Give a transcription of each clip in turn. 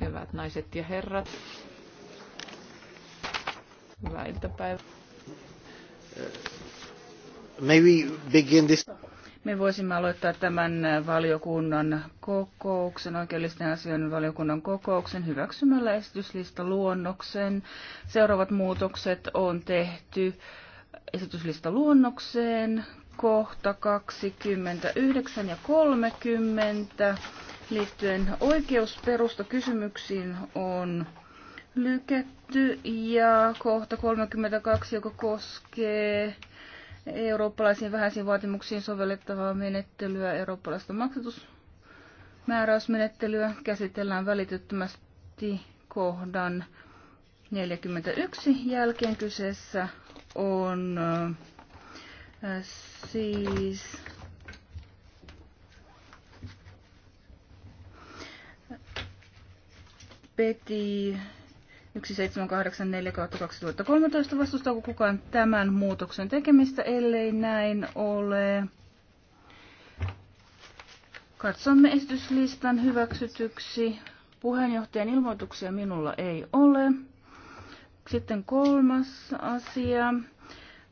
Hyvät naiset ja herrat. Hyvää iltapäivää. Uh, may we begin this? Me voisimme aloittaa tämän valiokunnan kokouksen, oikeudellisten asioiden valiokunnan kokouksen hyväksymällä esityslista luonnoksen. Seuraavat muutokset on tehty esityslista luonnokseen kohta 29 ja 30 liittyen oikeusperustakysymyksiin on lykätty ja kohta 32, joka koskee eurooppalaisiin vähäisiin vaatimuksiin sovellettavaa menettelyä, eurooppalaista maksatusmääräysmenettelyä käsitellään välityttömästi kohdan 41 jälkeen kyseessä on äh, siis Peti 1784-2013. Vastustaako kukaan tämän muutoksen tekemistä, ellei näin ole? Katsomme esityslistan hyväksytyksi. Puheenjohtajan ilmoituksia minulla ei ole. Sitten kolmas asia.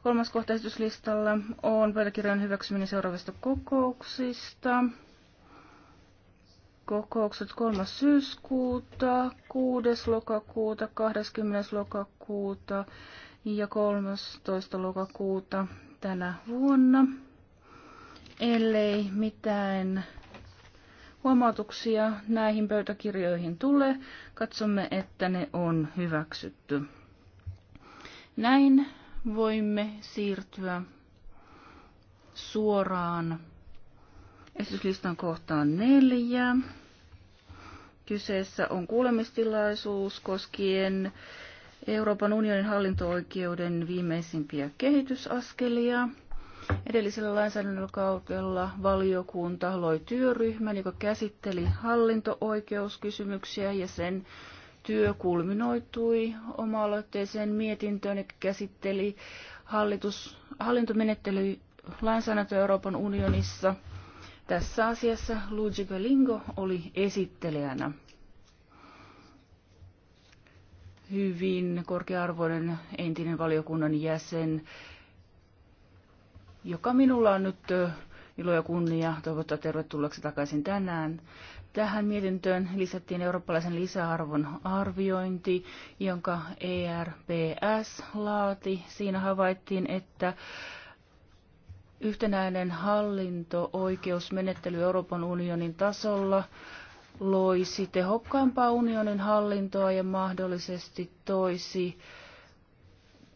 Kolmas kohta esityslistalla on pöytäkirjan hyväksyminen seuraavista kokouksista kokoukset 3. syyskuuta, 6. lokakuuta, 20. lokakuuta ja 13. lokakuuta tänä vuonna. Ellei mitään huomautuksia näihin pöytäkirjoihin tule, katsomme, että ne on hyväksytty. Näin voimme siirtyä suoraan esityslistan kohtaan neljä. Kyseessä on kuulemistilaisuus koskien Euroopan unionin hallinto-oikeuden viimeisimpiä kehitysaskelia. Edellisellä lainsäädännöllä valiokunta loi työryhmän, joka käsitteli hallinto-oikeuskysymyksiä ja sen työ kulminoitui oma-aloitteeseen mietintöön, joka käsitteli hallitus, hallintomenettely lainsäädäntö Euroopan unionissa – tässä asiassa Luigi Galingo oli esittelijänä. Hyvin korkearvoinen entinen valiokunnan jäsen, joka minulla on nyt ilo ja kunnia toivottaa tervetulleeksi takaisin tänään. Tähän mietintöön lisättiin eurooppalaisen lisäarvon arviointi, jonka ERPS laati. Siinä havaittiin, että Yhtenäinen hallinto, oikeusmenettely Euroopan unionin tasolla loisi tehokkaampaa unionin hallintoa ja mahdollisesti toisi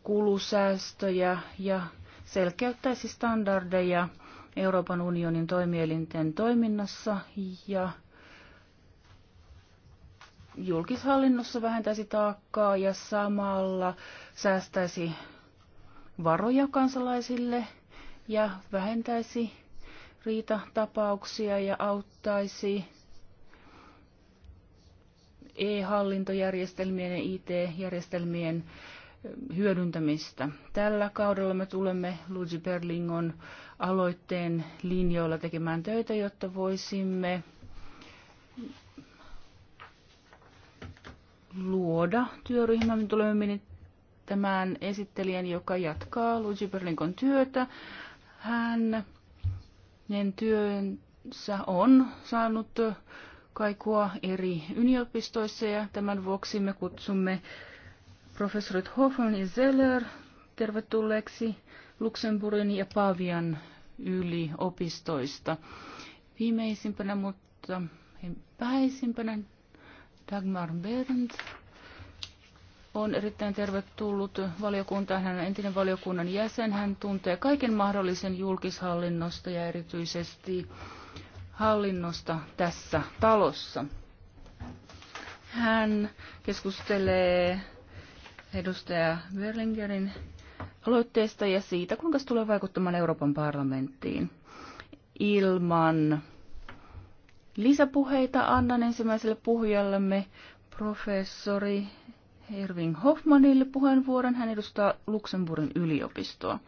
kulusäästöjä ja selkeyttäisi standardeja Euroopan unionin toimielinten toiminnassa ja julkishallinnossa vähentäisi taakkaa ja samalla säästäisi varoja kansalaisille – ja vähentäisi riitatapauksia ja auttaisi e-hallintojärjestelmien ja IT-järjestelmien hyödyntämistä. Tällä kaudella me tulemme Luigi Berlingon aloitteen linjoilla tekemään töitä, jotta voisimme luoda työryhmän. Me tulemme menettämään esittelijän, joka jatkaa Luigi Berlingon työtä hänen työnsä on saanut kaikua eri yliopistoissa ja tämän vuoksi me kutsumme professorit Hoffman ja Zeller tervetulleeksi Luxemburgin ja Pavian yliopistoista. Viimeisimpänä, mutta vähäisimpänä Dagmar Berndt on erittäin tervetullut valiokuntaan. Hän on entinen valiokunnan jäsen. Hän tuntee kaiken mahdollisen julkishallinnosta ja erityisesti hallinnosta tässä talossa. Hän keskustelee edustaja Berlingerin aloitteesta ja siitä, kuinka se tulee vaikuttamaan Euroopan parlamenttiin. Ilman lisäpuheita annan ensimmäiselle puhujallemme professori Irving Hoffmanille puheenvuoron. Hän edustaa Luxemburgin yliopistoa.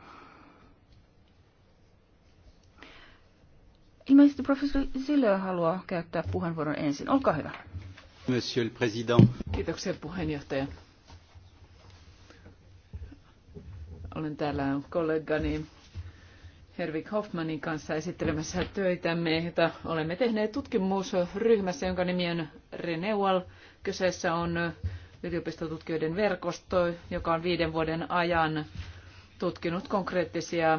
Ilmeisesti professori Sille haluaa käyttää puheenvuoron ensin. Olkaa hyvä. Monsieur le Président. Kiitoksia puheenjohtaja. Olen täällä kollegani Hervik Hoffmanin kanssa esittelemässä töitämme, jota olemme tehneet tutkimusryhmässä, jonka nimi on Renewal. Kyseessä on yliopistotutkijoiden verkosto, joka on viiden vuoden ajan tutkinut konkreettisia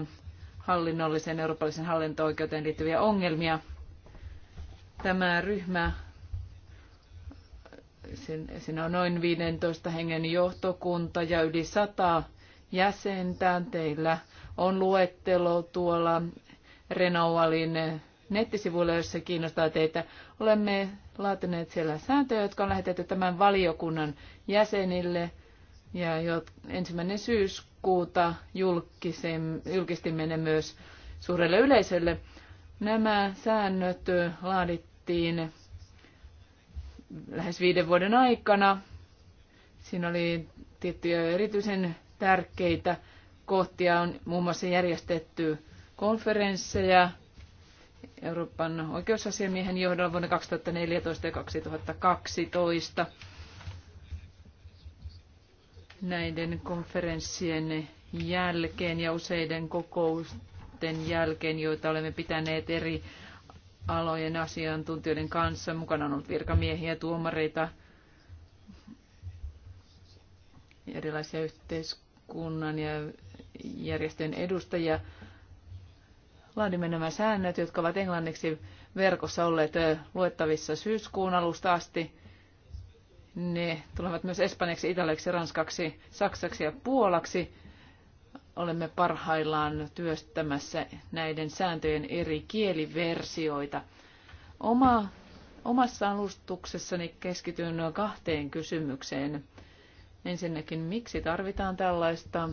hallinnollisen eurooppalaisen hallinto-oikeuteen liittyviä ongelmia. Tämä ryhmä, siinä on noin 15 hengen johtokunta ja yli 100 jäsentä Teillä on luettelo tuolla Renovalin nettisivuilla, jos se kiinnostaa teitä. Olemme laatineet siellä sääntöjä, jotka on lähetetty tämän valiokunnan jäsenille. Ja jo ensimmäinen syyskuuta julkistimme ne myös suurelle yleisölle. Nämä säännöt laadittiin lähes viiden vuoden aikana. Siinä oli tiettyjä erityisen tärkeitä kohtia. On muun muassa järjestetty konferensseja Euroopan oikeusasiamiehen johdolla vuonna 2014 ja 2012. Näiden konferenssien jälkeen ja useiden kokousten jälkeen, joita olemme pitäneet eri alojen asiantuntijoiden kanssa. Mukana on ollut virkamiehiä, tuomareita, erilaisia yhteiskunnan ja järjestöjen edustajia. Laadimme nämä säännöt, jotka ovat englanniksi verkossa olleet luettavissa syyskuun alusta asti. Ne tulevat myös espanjaksi, italiaksi, ranskaksi, saksaksi ja puolaksi. Olemme parhaillaan työstämässä näiden sääntöjen eri kieliversioita. Oma, omassa alustuksessani keskityn kahteen kysymykseen. Ensinnäkin, miksi tarvitaan tällaista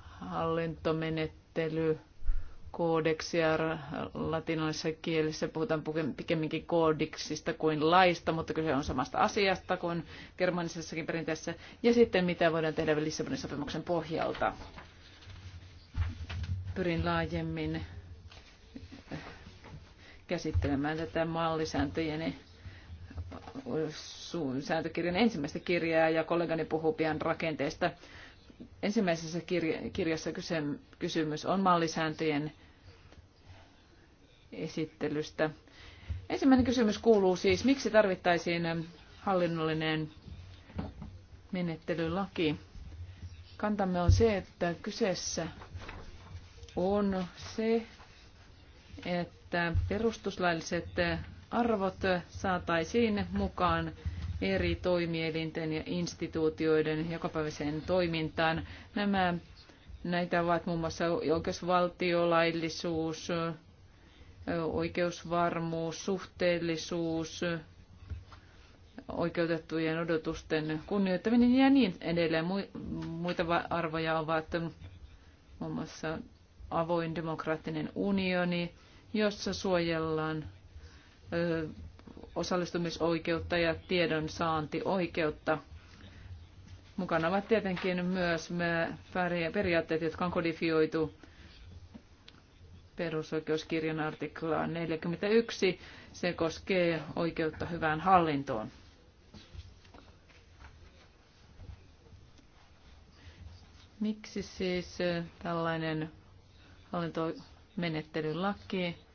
hallintomenettelyä? koodeksia. Latinalaisessa kielessä puhutaan pikemminkin koodiksista kuin laista, mutta kyse on samasta asiasta kuin germanisessakin perinteessä. Ja sitten mitä voidaan tehdä Lissabonin sopimuksen pohjalta. Pyrin laajemmin eh, käsittelemään tätä mallisääntöjen eh, sääntökirjan ensimmäistä kirjaa ja kollegani puhuu pian rakenteesta ensimmäisessä kirjassa kysymys on mallisääntöjen esittelystä. Ensimmäinen kysymys kuuluu siis, miksi tarvittaisiin hallinnollinen menettelylaki? Kantamme on se, että kyseessä on se, että perustuslailliset arvot saataisiin mukaan eri toimielinten ja instituutioiden jokapäiväiseen toimintaan. Nämä, näitä ovat muun muassa oikeusvaltiolaillisuus, laillisuus, oikeusvarmuus, suhteellisuus, oikeutettujen odotusten kunnioittaminen ja niin edelleen. Muita arvoja ovat muun muassa avoin demokraattinen unioni, jossa suojellaan osallistumisoikeutta ja tiedonsaantioikeutta. Mukana ovat tietenkin myös periaatteet, jotka on kodifioitu perusoikeuskirjan artiklaan 41. Se koskee oikeutta hyvään hallintoon. Miksi siis eh, tällainen hallintomenettelylaki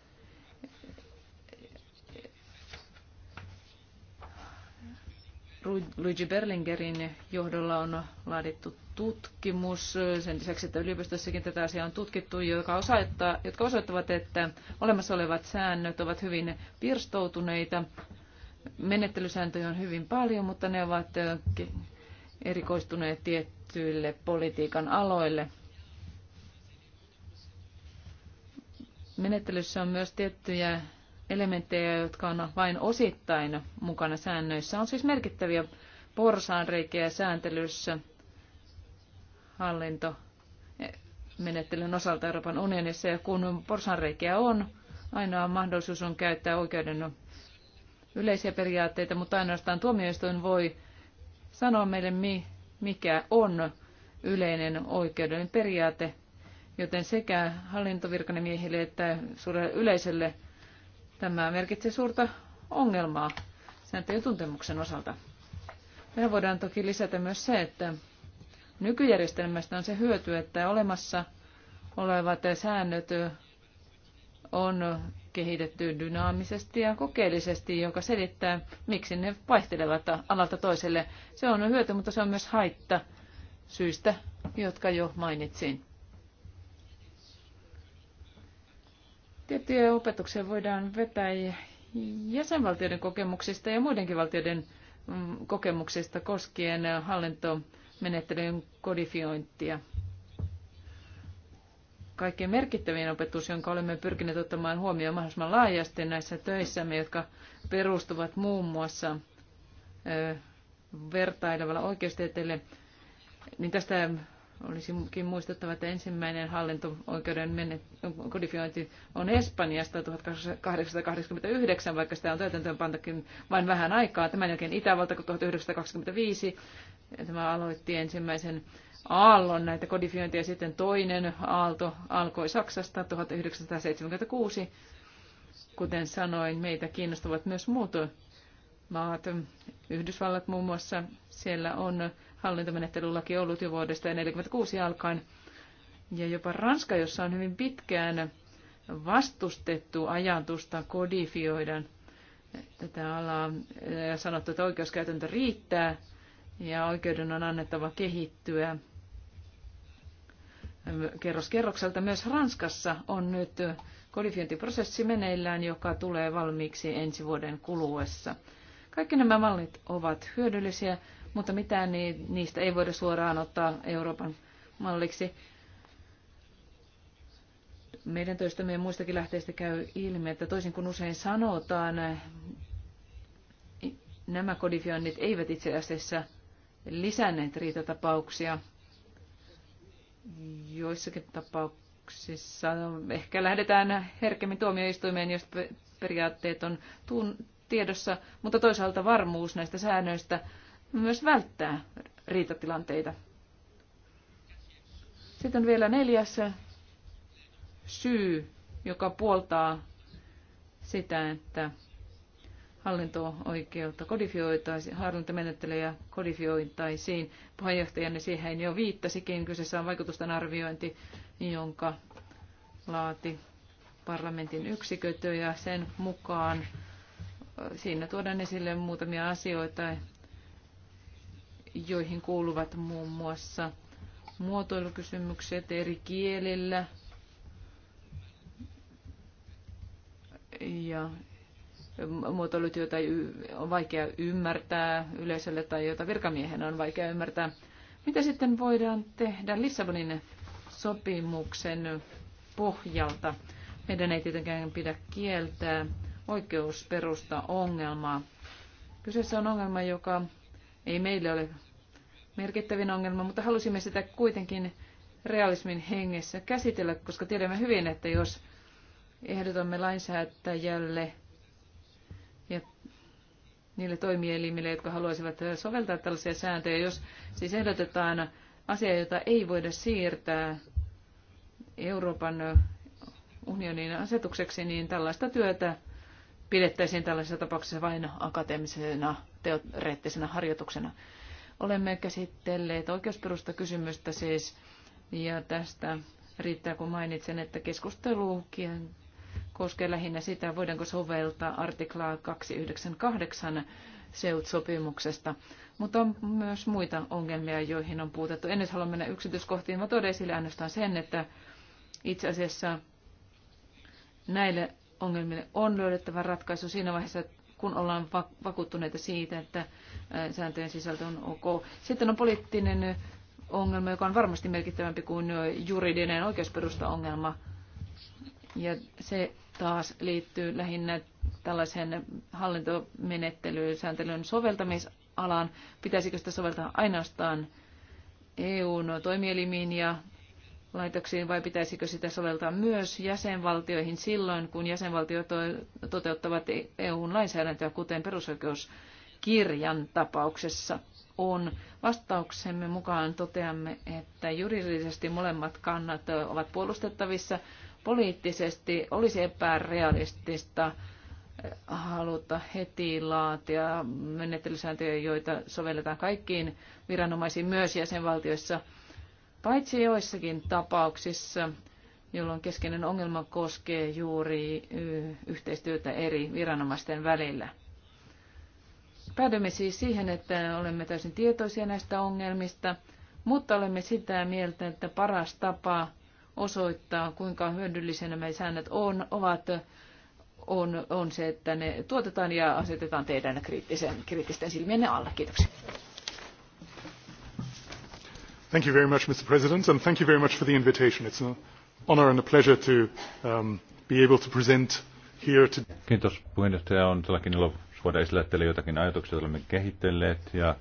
Luigi Berlingerin johdolla on laadittu tutkimus. Sen lisäksi, että yliopistossakin tätä asiaa on tutkittu, joka osoittaa, jotka osoittavat, että olemassa olevat säännöt ovat hyvin pirstoutuneita. Menettelysääntöjä on hyvin paljon, mutta ne ovat erikoistuneet tiettyille politiikan aloille. Menettelyssä on myös tiettyjä elementtejä, jotka on vain osittain mukana säännöissä. On siis merkittäviä porsaanreikiä sääntelyssä hallinto menettelyn osalta Euroopan unionissa, ja kun porsanreikiä on, ainoa mahdollisuus on käyttää oikeuden yleisiä periaatteita, mutta ainoastaan tuomioistuin voi sanoa meille, mikä on yleinen oikeudellinen periaate, joten sekä hallintovirkanemiehille että suurelle yleisölle Tämä merkitsee suurta ongelmaa sääntöjen tuntemuksen osalta. Me voidaan toki lisätä myös se, että nykyjärjestelmästä on se hyöty, että olemassa olevat säännöt on kehitetty dynaamisesti ja kokeellisesti, joka selittää, miksi ne vaihtelevat alalta toiselle. Se on hyöty, mutta se on myös haitta syistä, jotka jo mainitsin. Tiettyjä opetuksia voidaan vetää jäsenvaltioiden kokemuksista ja muidenkin valtioiden mm, kokemuksista koskien hallintomenettelyn kodifiointia. Kaikkein merkittävin opetus, jonka olemme pyrkineet ottamaan huomioon mahdollisimman laajasti näissä töissämme, jotka perustuvat muun muassa vertailevalla oikeustieteelle, niin tästä Olisikin muistettava, että ensimmäinen hallinto-oikeuden kodifiointi on Espanjasta 1889, vaikka sitä on täytäntöön pantakin vain vähän aikaa. Tämän jälkeen Itävalta 1925. Tämä aloitti ensimmäisen aallon näitä kodifiointia. Sitten toinen aalto alkoi Saksasta 1976. Kuten sanoin, meitä kiinnostavat myös muut maat. Yhdysvallat muun muassa, siellä on hallintomenettelylaki ollut jo vuodesta 1946 alkaen. Ja jopa Ranska, jossa on hyvin pitkään vastustettu ajatusta kodifioida tätä alaa ja sanottu, että oikeuskäytäntö riittää ja oikeuden on annettava kehittyä. Kerros kerrokselta myös Ranskassa on nyt kodifiointiprosessi meneillään, joka tulee valmiiksi ensi vuoden kuluessa. Kaikki nämä mallit ovat hyödyllisiä, mutta mitään niistä ei voida suoraan ottaa Euroopan malliksi. Meidän töistämme ja muistakin lähteistä käy ilmi, että toisin kuin usein sanotaan, nämä kodifioinnit eivät itse asiassa lisänneet riitatapauksia. Joissakin tapauksissa ehkä lähdetään herkemmin tuomioistuimeen, jos periaatteet on tiedossa, mutta toisaalta varmuus näistä säännöistä myös välttää riitatilanteita. Sitten on vielä neljäs syy, joka puoltaa sitä, että hallinto-oikeutta kodifioitaisiin, hallintomenettelyjä kodifioitaisiin. Puheenjohtajanne siihen jo viittasikin. Kyseessä on vaikutusten arviointi, jonka laati parlamentin yksiköt ja sen mukaan siinä tuodaan esille muutamia asioita, joihin kuuluvat muun muassa muotoilukysymykset eri kielillä ja muotoilut, joita on vaikea ymmärtää yleisölle tai joita virkamiehen on vaikea ymmärtää. Mitä sitten voidaan tehdä Lissabonin sopimuksen pohjalta? Meidän ei tietenkään pidä kieltää oikeusperusta ongelmaa. Kyseessä on ongelma, joka ei meille ole merkittävin ongelma, mutta halusimme sitä kuitenkin realismin hengessä käsitellä, koska tiedämme hyvin, että jos ehdotamme lainsäätäjälle ja niille toimielimille, jotka haluaisivat soveltaa tällaisia sääntöjä, jos siis ehdotetaan asiaa, jota ei voida siirtää Euroopan unionin asetukseksi, niin tällaista työtä pidettäisiin tällaisessa tapauksessa vain akateemisena teoreettisena harjoituksena. Olemme käsitelleet oikeusperusta kysymystä siis, ja tästä riittää kun mainitsen, että keskusteluukien koskee lähinnä sitä, voidaanko soveltaa artiklaa 298 SEUT-sopimuksesta, mutta on myös muita ongelmia, joihin on puutettu. En nyt halua mennä yksityiskohtiin, mutta toden esille ainoastaan sen, että itse asiassa näille ongelmille on löydettävä ratkaisu siinä vaiheessa, kun ollaan vakuuttuneita siitä, että sääntöjen sisältö on ok. Sitten on poliittinen ongelma, joka on varmasti merkittävämpi kuin juridinen oikeusperusta-ongelma. Ja se taas liittyy lähinnä tällaisen hallintomenettelyyn, sääntelyn soveltamisalaan. Pitäisikö sitä soveltaa ainoastaan EUn toimielimiin ja laitoksiin vai pitäisikö sitä soveltaa myös jäsenvaltioihin silloin, kun jäsenvaltiot toteuttavat EU-lainsäädäntöä, e kuten perusoikeuskirjan tapauksessa on. Vastauksemme mukaan toteamme, että juridisesti molemmat kannat ovat puolustettavissa. Poliittisesti olisi epärealistista eh, haluta heti laatia menettelysääntöjä, joita sovelletaan kaikkiin viranomaisiin myös jäsenvaltioissa – Paitsi joissakin tapauksissa, jolloin keskeinen ongelma koskee juuri yhteistyötä eri viranomaisten välillä. Päädymme siis siihen, että olemme täysin tietoisia näistä ongelmista, mutta olemme sitä mieltä, että paras tapa osoittaa, kuinka hyödyllisiä nämä säännöt on, ovat, on, on se, että ne tuotetaan ja asetetaan teidän kriittisen, kriittisten silmienne alle. Kiitoksia. Thank you very much, Mr. President, and thank you very much for the invitation. It's an honor and a pleasure to um, be able to present here today. Kiitos puheenjohtaja. On todellakin ilo voida esitellä jotakin ajatuksia, joita olemme kehitelleet. Ja,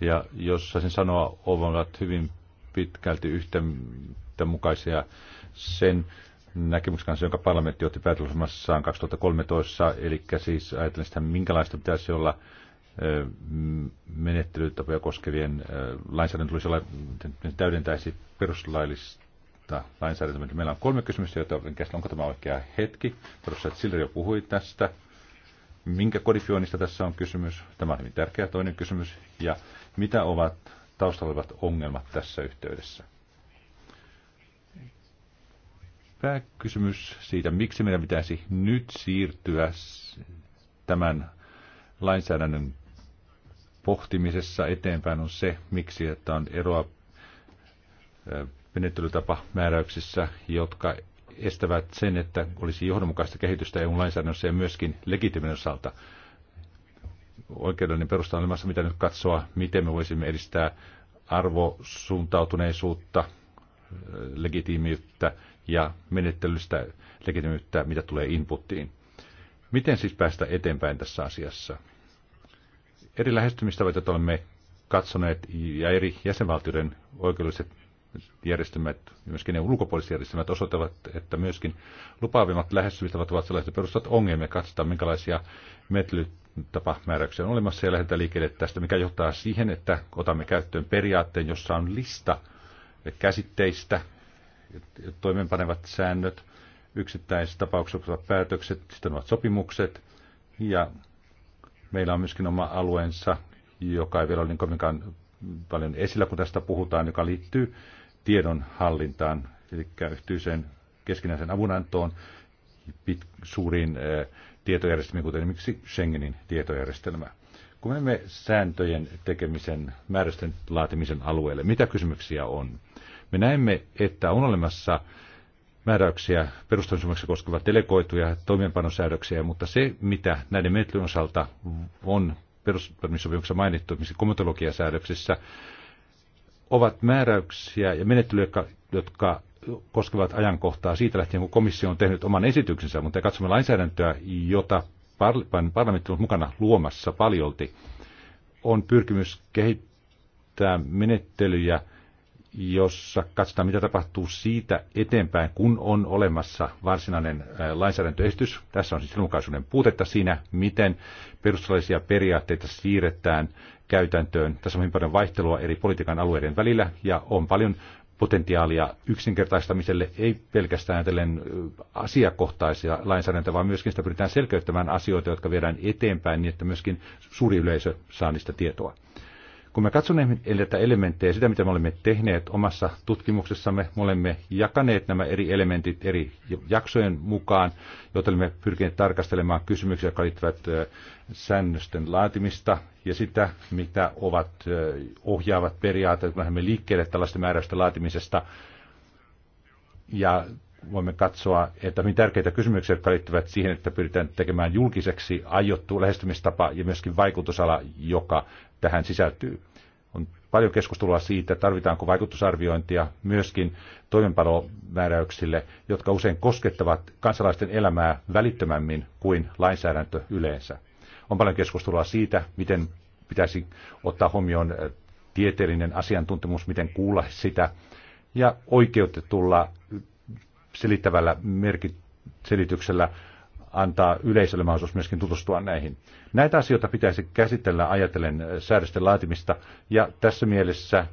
ja jos saisin sanoa, ovat hyvin pitkälti yhtä mukaisia sen näkemyksen kanssa, jonka parlamentti otti päätöslausumassaan 2013, eli siis ajatellen sitä, minkälaista pitäisi olla menettelytapoja koskevien lainsäädäntö tulisi olla, täydentäisi perustuslaillista lainsäädäntöä. Meillä on kolme kysymystä, joita käsillä. Onko tämä oikea hetki? Tuossa Silri jo puhui tästä. Minkä kodifioinnista tässä on kysymys? Tämä on hyvin tärkeä toinen kysymys. Ja mitä ovat taustalla olevat ongelmat tässä yhteydessä? Pääkysymys siitä, miksi meidän pitäisi nyt siirtyä tämän lainsäädännön pohtimisessa eteenpäin on se, miksi että on eroa menettelytapamääräyksissä, jotka estävät sen, että olisi johdonmukaista kehitystä EU-lainsäädännössä ja myöskin legitimin osalta. Oikeudellinen perusta on olemassa, mitä nyt katsoa, miten me voisimme edistää arvosuuntautuneisuutta, legitiimiyttä ja menettelystä legitiimiyttä, mitä tulee inputtiin. Miten siis päästä eteenpäin tässä asiassa? eri lähestymistavat, joita olemme katsoneet, ja eri jäsenvaltioiden oikeudelliset järjestelmät, myöskin ne ulkopuoliset järjestelmät osoittavat, että myöskin lupaavimmat lähestymistavat ovat sellaiset perustuvat ongelmia. Katsotaan, minkälaisia metlytapamääräyksiä on olemassa ja lähdetään liikkeelle tästä, mikä johtaa siihen, että otamme käyttöön periaatteen, jossa on lista käsitteistä, toimeenpanevat säännöt, yksittäiset tapaukset päätökset, sitten ovat sopimukset ja Meillä on myöskin oma alueensa, joka ei vielä ole niin kovinkaan paljon esillä, kun tästä puhutaan, joka liittyy tiedonhallintaan, eli yhteiseen keskinäisen avunantoon, pit, suuriin eh, tietojärjestelmiin, kuten esimerkiksi Schengenin tietojärjestelmä. Kun menemme sääntöjen tekemisen, määrästen laatimisen alueelle, mitä kysymyksiä on? Me näemme, että on olemassa määräyksiä perustamisomaksi koskevat delegoituja toimeenpanosäädöksiä, mutta se, mitä näiden menettelyjen osalta on perustamissopimuksessa mainittu, missä komitologiasäädöksissä, ovat määräyksiä ja menettelyjä, jotka, jotka koskevat ajankohtaa siitä lähtien, kun komissio on tehnyt oman esityksensä, mutta katsomme lainsäädäntöä, jota parlamentti on mukana luomassa paljolti, on pyrkimys kehittää menettelyjä – jossa katsotaan, mitä tapahtuu siitä eteenpäin, kun on olemassa varsinainen lainsäädäntöesitys. Tässä on siis ilmukaisuuden puutetta siinä, miten perustuslaisia periaatteita siirretään käytäntöön. Tässä on hyvin paljon vaihtelua eri politiikan alueiden välillä ja on paljon potentiaalia yksinkertaistamiselle, ei pelkästään ajatellen asiakohtaisia lainsäädäntöä, vaan myöskin sitä pyritään selkeyttämään asioita, jotka viedään eteenpäin niin, että myöskin suuri yleisö saa niistä tietoa. Kun me katson näitä elementtejä, sitä mitä me olemme tehneet omassa tutkimuksessamme, me olemme jakaneet nämä eri elementit eri jaksojen mukaan, joita olemme pyrkineet tarkastelemaan kysymyksiä, jotka liittyvät säännösten laatimista ja sitä, mitä ovat ohjaavat periaatteet, kun lähdemme liikkeelle tällaista määräystä laatimisesta. Ja voimme katsoa, että hyvin tärkeitä kysymyksiä, jotka liittyvät siihen, että pyritään tekemään julkiseksi aiottu lähestymistapa ja myöskin vaikutusala, joka tähän sisältyy. On paljon keskustelua siitä, tarvitaanko vaikutusarviointia myöskin toimenpanomääräyksille, jotka usein koskettavat kansalaisten elämää välittömämmin kuin lainsäädäntö yleensä. On paljon keskustelua siitä, miten pitäisi ottaa huomioon äh, tieteellinen asiantuntemus, miten kuulla sitä, ja oikeutetulla selittävällä merkit- selityksellä antaa yleisölle mahdollisuus myöskin tutustua näihin. Näitä asioita pitäisi käsitellä ajatellen säädösten laatimista ja tässä mielessä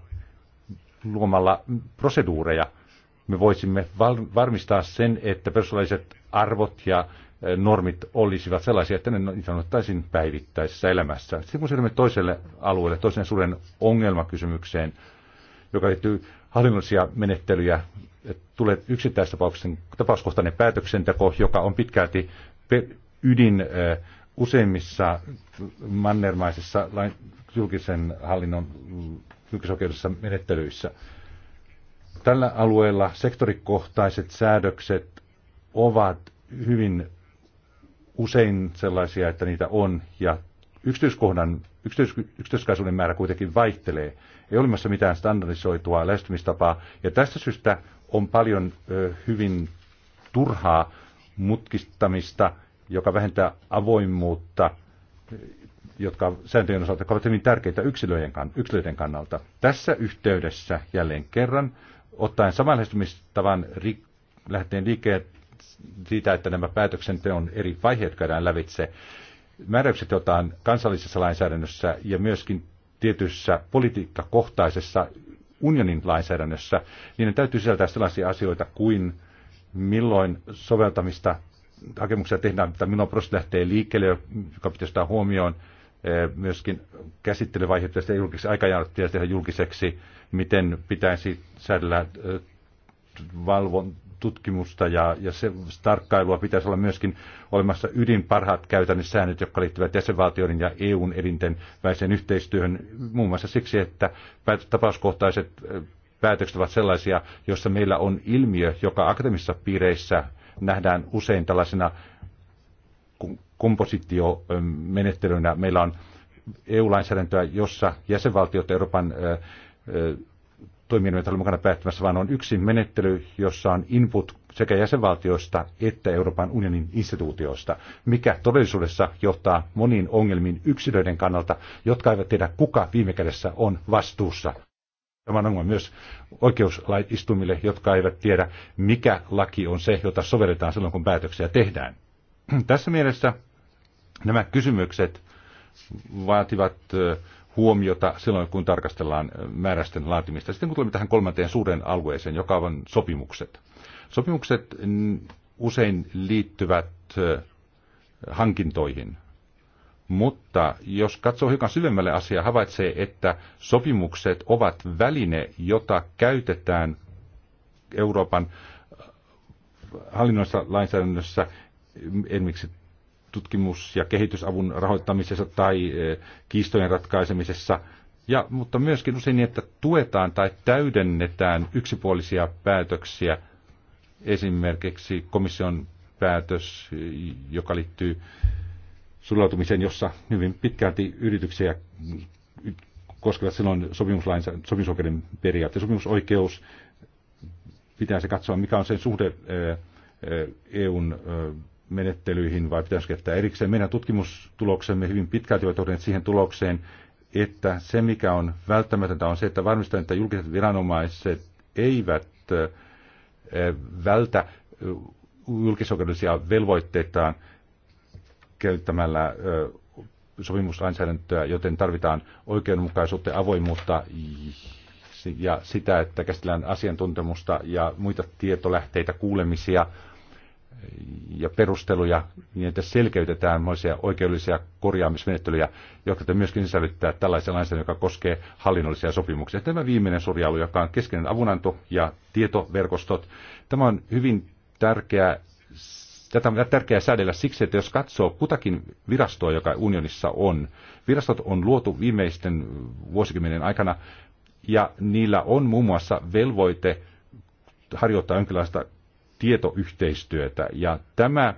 luomalla proseduureja me voisimme varmistaa sen, että perustuslailliset arvot ja e, normit olisivat sellaisia, että ne sanottaisiin no-, päivittäisessä elämässä. Sitten kun siirrymme toiselle alueelle, toiseen suuren ongelmakysymykseen, joka liittyy hallinnollisia menettelyjä, tulee yksittäistapauksen tapauskohtainen päätöksenteko, joka on pitkälti ydin useimmissa mannermaisissa julkisen hallinnon julkisoikeudessa menettelyissä. Tällä alueella sektorikohtaiset säädökset ovat hyvin usein sellaisia, että niitä on, ja yksityiskohdan yksityiskaisuuden määrä kuitenkin vaihtelee. Ei olemassa mitään standardisoitua lähestymistapaa. Ja tästä syystä on paljon ö, hyvin turhaa mutkistamista, joka vähentää avoimuutta, jotka sääntöjen osalta ovat hyvin tärkeitä yksilöiden kannalta. Tässä yhteydessä jälleen kerran, ottaen saman lähestymistavan ri, lähteen liikkeelle siitä, että nämä päätöksenteon eri vaiheet käydään lävitse, määräykset, joita on kansallisessa lainsäädännössä ja myöskin tietyissä politiikkakohtaisessa unionin lainsäädännössä, niin ne täytyy sisältää sellaisia asioita kuin milloin soveltamista hakemuksia tehdään, tai milloin prosessi lähtee liikkeelle, joka pitäisi ottaa huomioon, eh, myöskin käsittelyvaiheet pitäisi julkiseksi, aikajanot pitäisi tehdä julkiseksi, miten pitäisi säädellä eh, valvon, tutkimusta ja, ja se tarkkailua pitäisi olla myöskin olemassa ydin parhaat käytännön säännöt, jotka liittyvät jäsenvaltioiden ja EUn elinten väiseen yhteistyöhön, muun muassa siksi, että tapauskohtaiset päätökset ovat sellaisia, joissa meillä on ilmiö, joka akateemisissa piireissä nähdään usein tällaisena kompositiomenettelynä. Meillä on EU-lainsäädäntöä, jossa jäsenvaltiot Euroopan toimien, ole mukana päättämässä, vaan on yksi menettely, jossa on input sekä jäsenvaltioista että Euroopan unionin instituutioista, mikä todellisuudessa johtaa moniin ongelmiin yksilöiden kannalta, jotka eivät tiedä, kuka viime kädessä on vastuussa. Tämä on ongelma myös oikeuslaitistumille, jotka eivät tiedä, mikä laki on se, jota sovelletaan silloin, kun päätöksiä tehdään. Tässä mielessä nämä kysymykset vaativat huomiota silloin, kun tarkastellaan määrästen laatimista. Sitten kun tulemme tähän kolmanteen suuren alueeseen, joka on sopimukset. Sopimukset mm, usein liittyvät hankintoihin, mutta jos katsoo hiukan syvemmälle asiaa, havaitsee, että sopimukset ovat väline, jota käytetään Euroopan hallinnoissa lainsäädännössä mm, esimerkiksi tutkimus- ja kehitysavun rahoittamisessa tai eh, kiistojen ratkaisemisessa, ja, mutta myöskin usein niin, että tuetaan tai täydennetään yksipuolisia päätöksiä, esimerkiksi komission päätös, eh, joka liittyy sulautumiseen, jossa hyvin pitkälti yrityksiä koskevat silloin sopimusoikeuden periaatteet. Sopimusoikeus pitäisi katsoa, mikä on sen suhde eh, EUn menettelyihin vai pitäisikö jättää erikseen. Meidän tutkimustuloksemme hyvin pitkälti ovat todenneet siihen tulokseen, että se mikä on välttämätöntä on se, että varmistetaan, että julkiset viranomaiset eivät eh, vältä eh, julkisoikeudellisia velvoitteitaan käyttämällä eh, sopimuslainsäädäntöä, joten tarvitaan oikeudenmukaisuutta ja avoimuutta ja sitä, että käsitellään asiantuntemusta ja muita tietolähteitä, kuulemisia – ja perusteluja, niin että selkeytetään moisia oikeudellisia korjaamismenettelyjä, jotka myöskin sisällyttää tällaisen lainsäädännön, joka koskee hallinnollisia sopimuksia. Tämä viimeinen surjailu, joka on keskeinen avunanto ja tietoverkostot, tämä on hyvin tärkeää Tätä on tärkeää säädellä siksi, että jos katsoo kutakin virastoa, joka unionissa on, virastot on luotu viimeisten vuosikymmenen aikana, ja niillä on muun muassa velvoite harjoittaa jonkinlaista tietoyhteistyötä. Ja tämä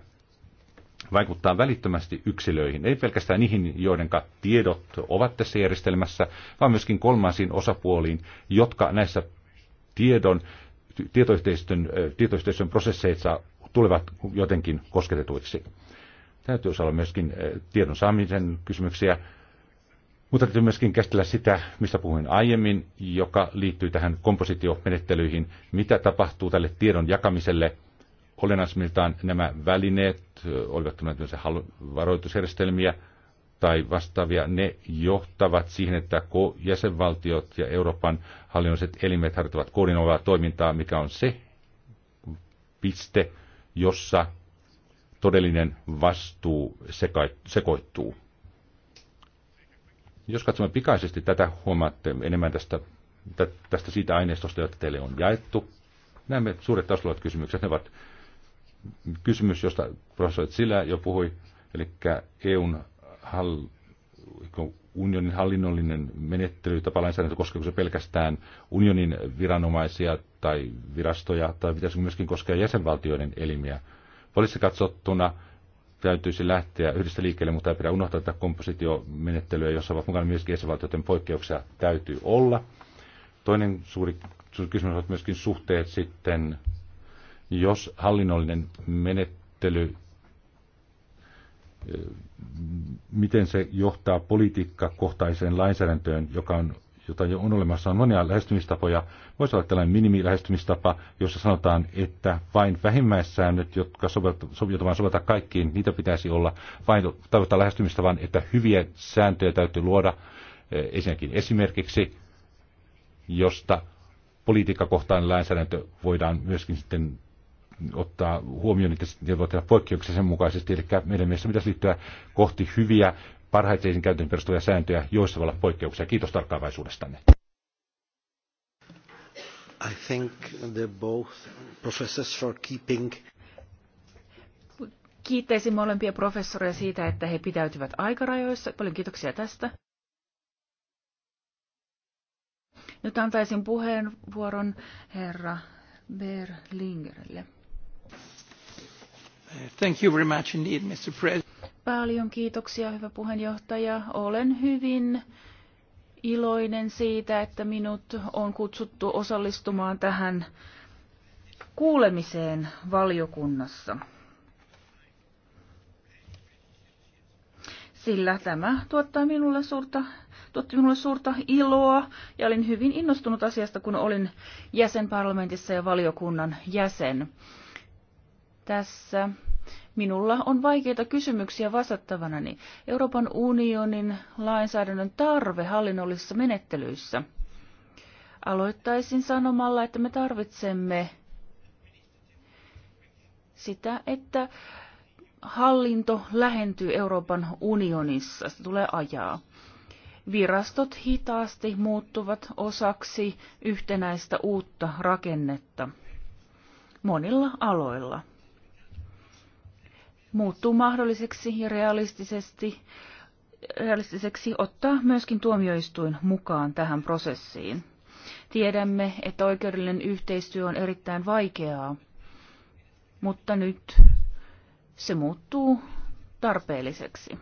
vaikuttaa välittömästi yksilöihin, ei pelkästään niihin, joiden tiedot ovat tässä järjestelmässä, vaan myöskin kolmansiin osapuoliin, jotka näissä tiedon, tietoyhteistyön, tietoyhteistyön prosesseissa tulevat jotenkin kosketetuiksi. Täytyy olla myöskin tiedon saamisen kysymyksiä, mutta täytyy myöskin käsitellä sitä, mistä puhuin aiemmin, joka liittyy tähän kompositiomenettelyihin. Mitä tapahtuu tälle tiedon jakamiselle? Olennaismiltaan nämä välineet, olivat tämmöisiä varoitusjärjestelmiä tai vastaavia, ne johtavat siihen, että jäsenvaltiot ja Euroopan hallinnolliset elimet harjoittavat koordinoivaa toimintaa, mikä on se piste, jossa todellinen vastuu sekoittuu. Jos katsomme pikaisesti tätä, huomaatte enemmän tästä, tästä siitä aineistosta, jota teille on jaettu. Näemme suuret tasolla kysymykset. Ne ovat kysymys, josta professori Sillä jo puhui, eli EUn hall, unionin hallinnollinen tapa lainsäädäntö, koskeeko se pelkästään unionin viranomaisia tai virastoja, tai pitäisikö myöskin koskea jäsenvaltioiden elimiä. Poliisi katsottuna täytyisi lähteä yhdessä liikkeelle, mutta ei pidä unohtaa tätä kompositiomenettelyä, jossa ovat mukana myöskin jäsenvaltioiden poikkeuksia täytyy olla. Toinen suuri, suuri kysymys on myöskin suhteet sitten, jos hallinnollinen menettely, eh, miten se johtaa politiikkakohtaiseen lainsäädäntöön, joka on jota jo on olemassa, on monia lähestymistapoja. Voisi olla tällainen minimilähestymistapa, jossa sanotaan, että vain vähimmäissäännöt, jotka soveltuvat sovelta kaikkiin, niitä pitäisi olla. Vain tavoittaa lähestymistavan, että hyviä sääntöjä täytyy luoda. Eh, ensinnäkin esimerkiksi, josta politiikkakohtainen lainsäädäntö voidaan myöskin sitten ottaa huomioon, että voi tehdä poikkeuksia sen mukaisesti. Eli meidän mielestä pitäisi liittyä kohti hyviä parhaiten käytön perustuvia sääntöjä, joissa voi olla poikkeuksia. Kiitos tarkkaavaisuudestanne. I think both professors for keeping Kiittäisin molempia professoreja siitä, että he pitäytyvät aikarajoissa. Paljon kiitoksia tästä. Nyt antaisin puheenvuoron herra Berlingerille. Thank you very much indeed, Mr. President. Paljon kiitoksia, hyvä puheenjohtaja. Olen hyvin iloinen siitä, että minut on kutsuttu osallistumaan tähän kuulemiseen valiokunnassa. Sillä tämä tuottaa minulle suurta, tuotti minulle suurta iloa ja olin hyvin innostunut asiasta, kun olin jäsen parlamentissa ja valiokunnan jäsen. Tässä Minulla on vaikeita kysymyksiä vastattavanani. Euroopan unionin lainsäädännön tarve hallinnollisissa menettelyissä. Aloittaisin sanomalla, että me tarvitsemme sitä, että hallinto lähentyy Euroopan unionissa. Se tulee ajaa. Virastot hitaasti muuttuvat osaksi yhtenäistä uutta rakennetta monilla aloilla muuttuu mahdolliseksi ja realistisesti, realistiseksi ottaa myöskin tuomioistuin mukaan tähän prosessiin. Tiedämme, että oikeudellinen yhteistyö on erittäin vaikeaa, mutta nyt se muuttuu tarpeelliseksi.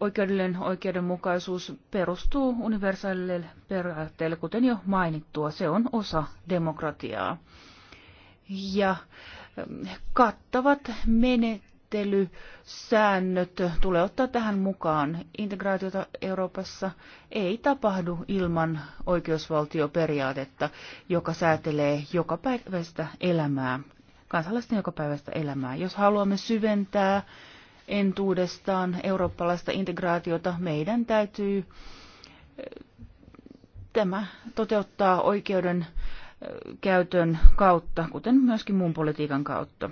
Oikeudellinen oikeudenmukaisuus perustuu universaalille periaatteelle, kuten jo mainittua. Se on osa demokratiaa. Ja kattavat menettelysäännöt tulee ottaa tähän mukaan. Integraatiota Euroopassa ei tapahdu ilman oikeusvaltioperiaatetta, joka säätelee joka päivästä elämää, kansalaisten joka päivästä elämää. Jos haluamme syventää entuudestaan eurooppalaista integraatiota, meidän täytyy eh, tämä toteuttaa oikeuden käytön kautta, kuten myöskin muun politiikan kautta.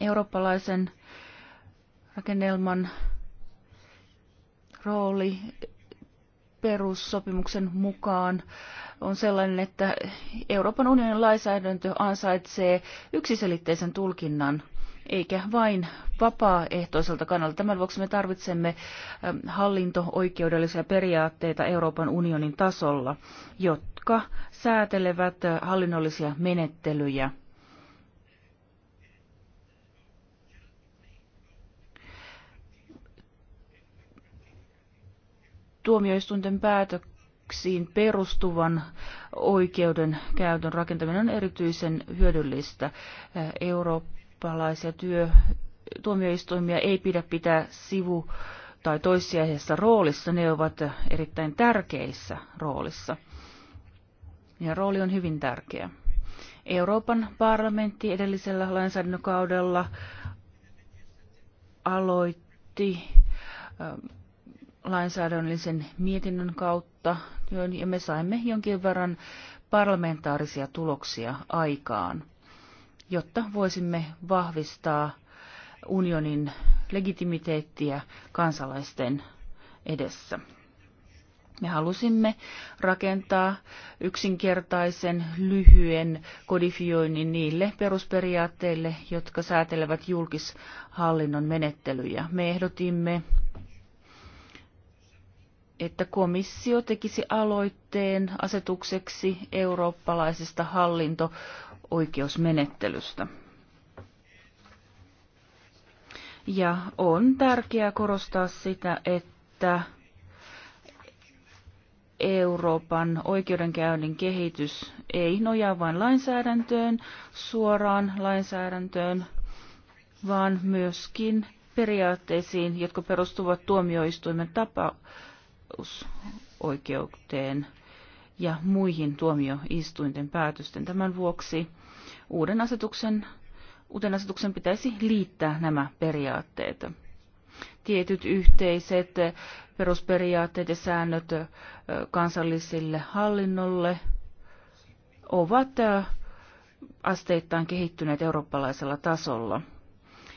Eurooppalaisen rakennelman rooli perussopimuksen mukaan on sellainen, että Euroopan unionin lainsäädäntö ansaitsee yksiselitteisen tulkinnan eikä vain vapaaehtoiselta kannalta. Tämän vuoksi me tarvitsemme hallinto-oikeudellisia periaatteita Euroopan unionin tasolla, jotka säätelevät hallinnollisia menettelyjä. Tuomioistuinten päätökset perustuvan oikeuden käytön rakentaminen on erityisen hyödyllistä. Eurooppa eurooppalaisia työ, tuomioistuimia ei pidä pitää sivu- tai toissijaisessa roolissa. Ne ovat erittäin tärkeissä roolissa. Ja rooli on hyvin tärkeä. Euroopan parlamentti edellisellä lainsäädännökaudella aloitti ähm, lainsäädännöllisen mietinnön kautta työn ja me saimme jonkin verran parlamentaarisia tuloksia aikaan jotta voisimme vahvistaa unionin legitimiteettiä kansalaisten edessä. Me halusimme rakentaa yksinkertaisen, lyhyen kodifioinnin niille perusperiaatteille, jotka säätelevät julkishallinnon menettelyjä. Me ehdotimme, että komissio tekisi aloitteen asetukseksi eurooppalaisesta hallinto oikeusmenettelystä. Ja on tärkeää korostaa sitä, että Euroopan oikeudenkäynnin kehitys ei nojaa vain lainsäädäntöön, suoraan lainsäädäntöön, vaan myöskin periaatteisiin, jotka perustuvat tuomioistuimen tapausoikeuteen ja muihin tuomioistuinten päätösten. Tämän vuoksi uuden asetuksen, uuden asetuksen pitäisi liittää nämä periaatteet. Tietyt yhteiset perusperiaatteet ja säännöt kansallisille hallinnolle ovat asteittain kehittyneet eurooppalaisella tasolla.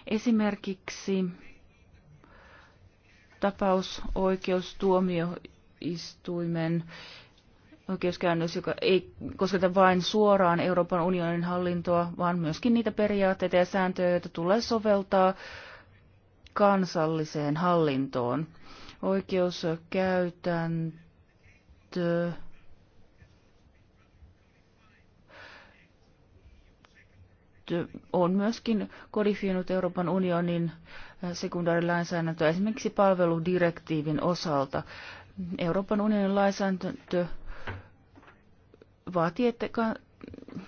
Esimerkiksi tapausoikeustuomioistuimen oikeuskäännös, joka ei kosketa vain suoraan Euroopan unionin hallintoa, vaan myöskin niitä periaatteita ja sääntöjä, joita tulee soveltaa kansalliseen hallintoon. Oikeuskäytäntö on myöskin kodifioinut Euroopan unionin äh, sekundaarilainsäädäntöä esimerkiksi palveludirektiivin osalta. Euroopan unionin lainsäädäntö vaatii, että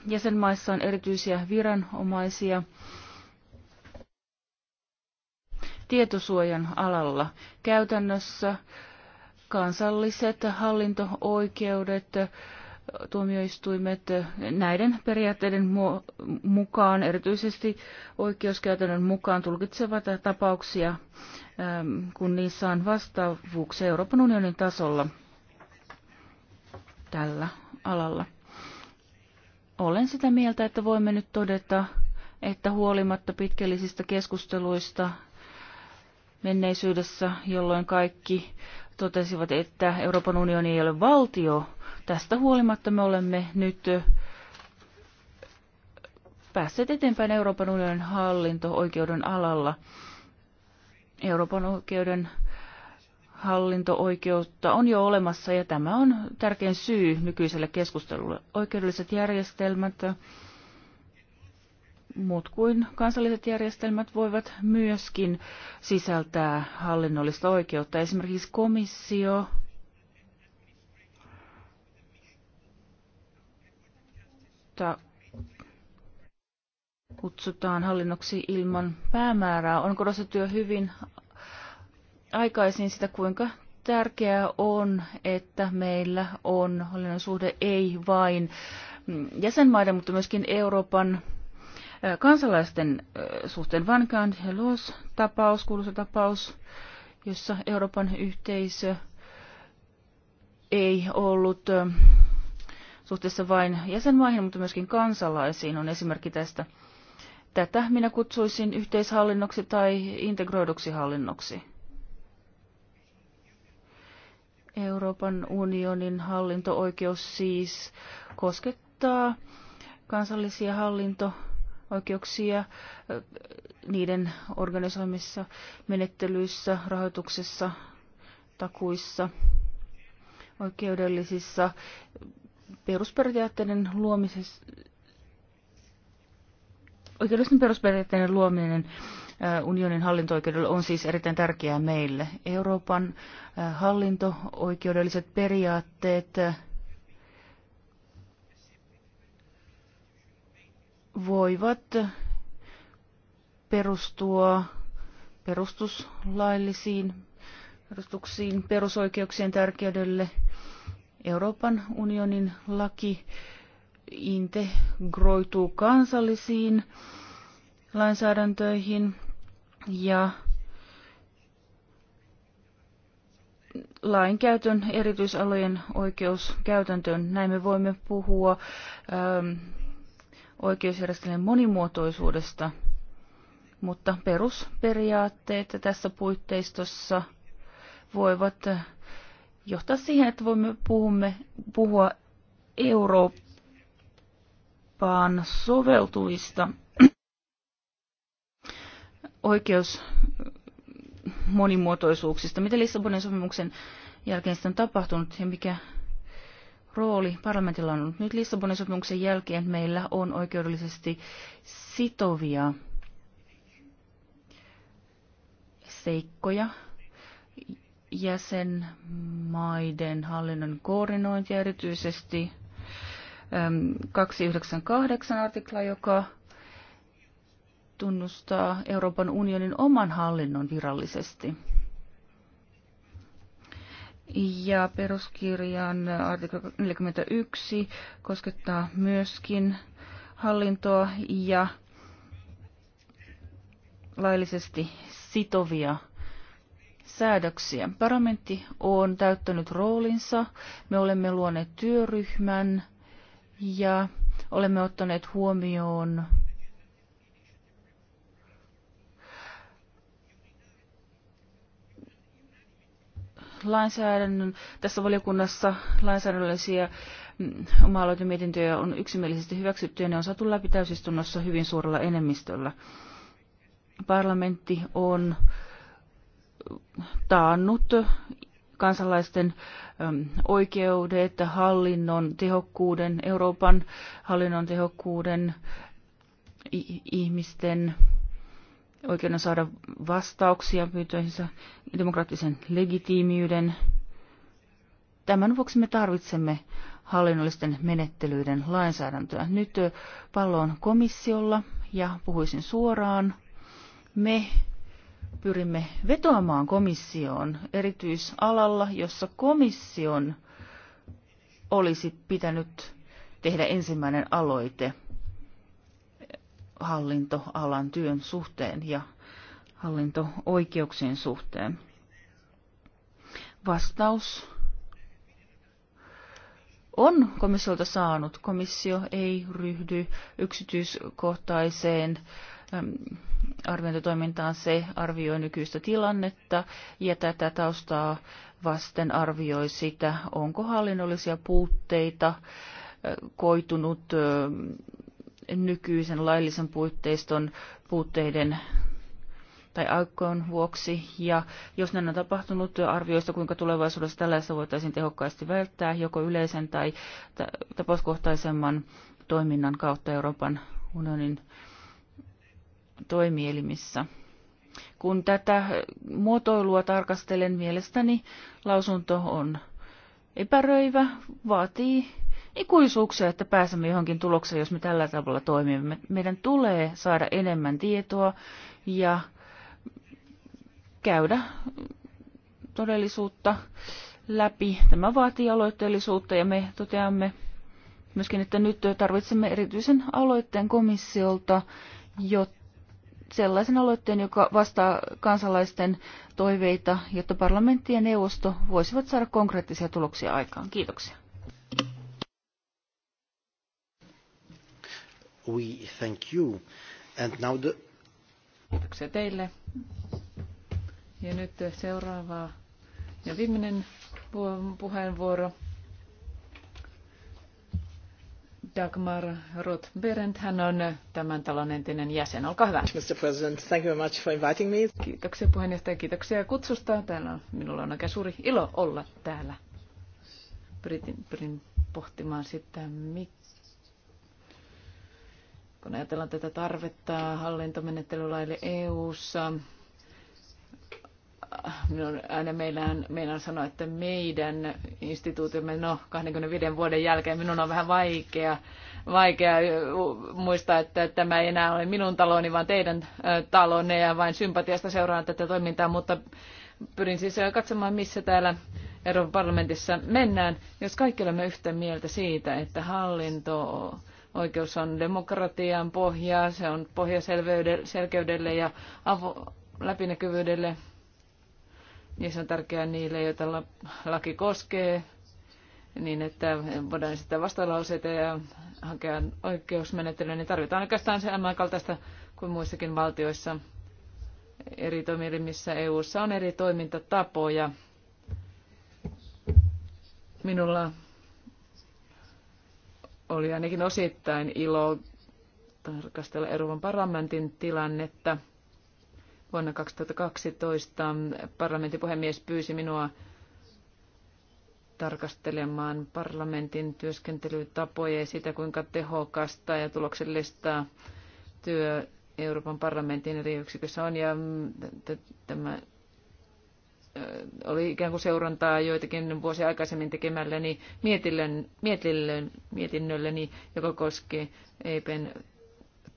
jäsenmaissa on erityisiä viranomaisia tietosuojan alalla. Käytännössä kansalliset hallinto-oikeudet, tuomioistuimet näiden periaatteiden mukaan, erityisesti oikeuskäytännön mukaan tulkitsevat tapauksia, kun niissä on vastaavuuksia Euroopan unionin tasolla tällä alalla. Olen sitä mieltä, että voimme nyt todeta, että huolimatta pitkällisistä keskusteluista menneisyydessä, jolloin kaikki totesivat, että Euroopan unioni ei ole valtio, tästä huolimatta me olemme nyt päässeet eteenpäin Euroopan unionin hallinto-oikeuden alalla. Euroopan oikeuden hallinto-oikeutta on jo olemassa ja tämä on tärkein syy nykyiselle keskustelulle. Oikeudelliset järjestelmät, muut kuin kansalliset järjestelmät voivat myöskin sisältää hallinnollista oikeutta. Esimerkiksi komissio kutsutaan hallinnoksi ilman päämäärää. On korostettu jo hyvin aikaisin sitä, kuinka tärkeää on, että meillä on hallinnon suhde ei vain mm, jäsenmaiden, mutta myöskin Euroopan kansalaisten suhteen. Van Los tapaus kuuluisa tapaus, jossa Euroopan yhteisö ei ollut suhteessa vain jäsenmaihin, mutta myöskin kansalaisiin on esimerkki tästä. Tätä minä kutsuisin yhteishallinnoksi tai integroiduksi hallinnoksi. Euroopan unionin hallinto-oikeus siis koskettaa kansallisia hallinto-oikeuksia niiden organisoimissa menettelyissä, rahoituksessa, takuissa, oikeudellisissa perusperiaatteiden luomisessa, oikeudellisten perusperiaatteiden luominen unionin hallinto-oikeudelle on siis erittäin tärkeää meille. Euroopan hallinto-oikeudelliset periaatteet voivat perustua perustuslaillisiin perustuksiin, perusoikeuksien tärkeydelle, Euroopan unionin laki integroituu kansallisiin lainsäädäntöihin ja lainkäytön erityisalojen oikeuskäytäntöön. Näin me voimme puhua ähm, oikeusjärjestelmän monimuotoisuudesta, mutta perusperiaatteet tässä puitteistossa voivat johtaa siihen, että voimme puhumme, puhua Euroopan soveltuvista oikeus monimuotoisuuksista. Mitä Lissabonin sopimuksen jälkeen sitten on tapahtunut ja mikä rooli parlamentilla on ollut? Nyt Lissabonin sopimuksen jälkeen meillä on oikeudellisesti sitovia seikkoja, jäsenmaiden hallinnon koordinointia erityisesti 298 artikla, joka tunnustaa Euroopan unionin oman hallinnon virallisesti. Ja peruskirjan artikla 41 koskettaa myöskin hallintoa ja laillisesti sitovia säädöksiä. Parlamentti on täyttänyt roolinsa. Me olemme luoneet työryhmän ja olemme ottaneet huomioon lainsäädännön, tässä valiokunnassa lainsäädännöllisiä mm, oma mietintöjä on yksimielisesti hyväksytty ja ne on saatu läpi täysistunnossa hyvin suurella enemmistöllä. Parlamentti on taannut kansalaisten mm, oikeudet, hallinnon tehokkuuden, Euroopan hallinnon tehokkuuden, ihmisten oikeuden saada vastauksia pyyntöihinsä demokraattisen legitiimiyden. Tämän vuoksi me tarvitsemme hallinnollisten menettelyiden lainsäädäntöä. Nyt pallo on komissiolla ja puhuisin suoraan. Me pyrimme vetoamaan komissioon erityisalalla, jossa komission olisi pitänyt tehdä ensimmäinen aloite – hallintoalan työn suhteen ja hallinto-oikeuksien suhteen? Vastaus on komissiolta saanut. Komissio ei ryhdy yksityiskohtaiseen arviointitoimintaan. Se arvioi nykyistä tilannetta ja tätä taustaa vasten arvioi sitä, onko hallinnollisia puutteita koitunut nykyisen laillisen puitteiston puutteiden tai aukkoon vuoksi. Ja jos näin on tapahtunut, arvioista kuinka tulevaisuudessa tällaista voitaisiin tehokkaasti välttää joko yleisen tai tapauskohtaisemman toiminnan kautta Euroopan unionin toimielimissä. Kun tätä muotoilua tarkastelen, mielestäni lausunto on epäröivä, vaatii ikuisuuksia, että pääsemme johonkin tulokseen, jos me tällä tavalla toimimme. Meidän tulee saada enemmän tietoa ja käydä todellisuutta läpi. Tämä vaatii aloitteellisuutta ja me toteamme myöskin, että nyt tarvitsemme erityisen aloitteen komissiolta, jotta sellaisen aloitteen, joka vastaa kansalaisten toiveita, jotta parlamentti ja neuvosto voisivat saada konkreettisia tuloksia aikaan. Kiitoksia. We thank you. And now the... Kiitoksia teille. Ja nyt seuraava ja viimeinen puheenvuoro. Dagmar Roth Berendt, hän on tämän talon entinen jäsen. Olkaa hyvä. Mr. President, thank you very much for inviting me. Kiitoksia puheenjohtaja, kiitoksia kutsusta. Täällä on, minulla on oikein suuri ilo olla täällä. Pyrin, pohtimaan sitä, mikä kun ajatellaan tätä tarvetta hallintomenettelylaille EU-ssa, minun, aina meillään, meillä sanoa, että meidän instituutiomme, no 25 vuoden jälkeen minun on vähän vaikea, vaikea muistaa, että tämä ei enää ole minun taloni, vaan teidän talonne ja vain sympatiasta seuraan tätä toimintaa, mutta pyrin siis katsomaan, missä täällä Euroopan parlamentissa mennään, jos kaikki olemme yhtä mieltä siitä, että hallinto Oikeus on demokratian pohjaa, se on pohja selkeydelle ja avo- läpinäkyvyydelle. Ja se on tärkeää niille, joita laki koskee, niin että voidaan esittää vastalauseita ja hakea oikeusmenettelyä, niin tarvitaan oikeastaan samaa kaltaista kuin muissakin valtioissa. Eri toimielimissä EU:ssa on eri toimintatapoja. Minulla oli ainakin osittain ilo tarkastella Euroopan parlamentin tilannetta. Vuonna 2012 parlamentin puhemies pyysi minua tarkastelemaan parlamentin työskentelytapoja ja sitä, kuinka tehokasta ja tuloksellista työ Euroopan parlamentin eri yksikössä on. Ja tämä Äh, oli ikään kuin seurantaa joitakin vuosia aikaisemmin tekemälläni mietinnölleni, joka koski EIPen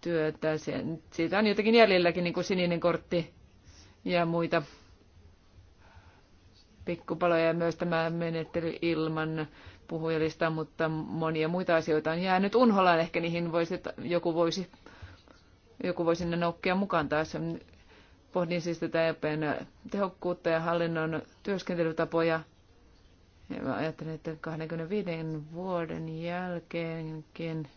työtä. Siitä on jotenkin jäljelläkin, niin kuin sininen kortti ja muita pikkupaloja ja myös tämä menettely ilman puhujalista, mutta monia muita asioita on jäänyt unholaan. Ehkä niihin voisi, joku voisi joku voisi sinne noukkia mukaan taas. Pohdin siis tätä EPn tehokkuutta ja hallinnon työskentelytapoja. Ja ajattelin, että 25 vuoden jälkeenkin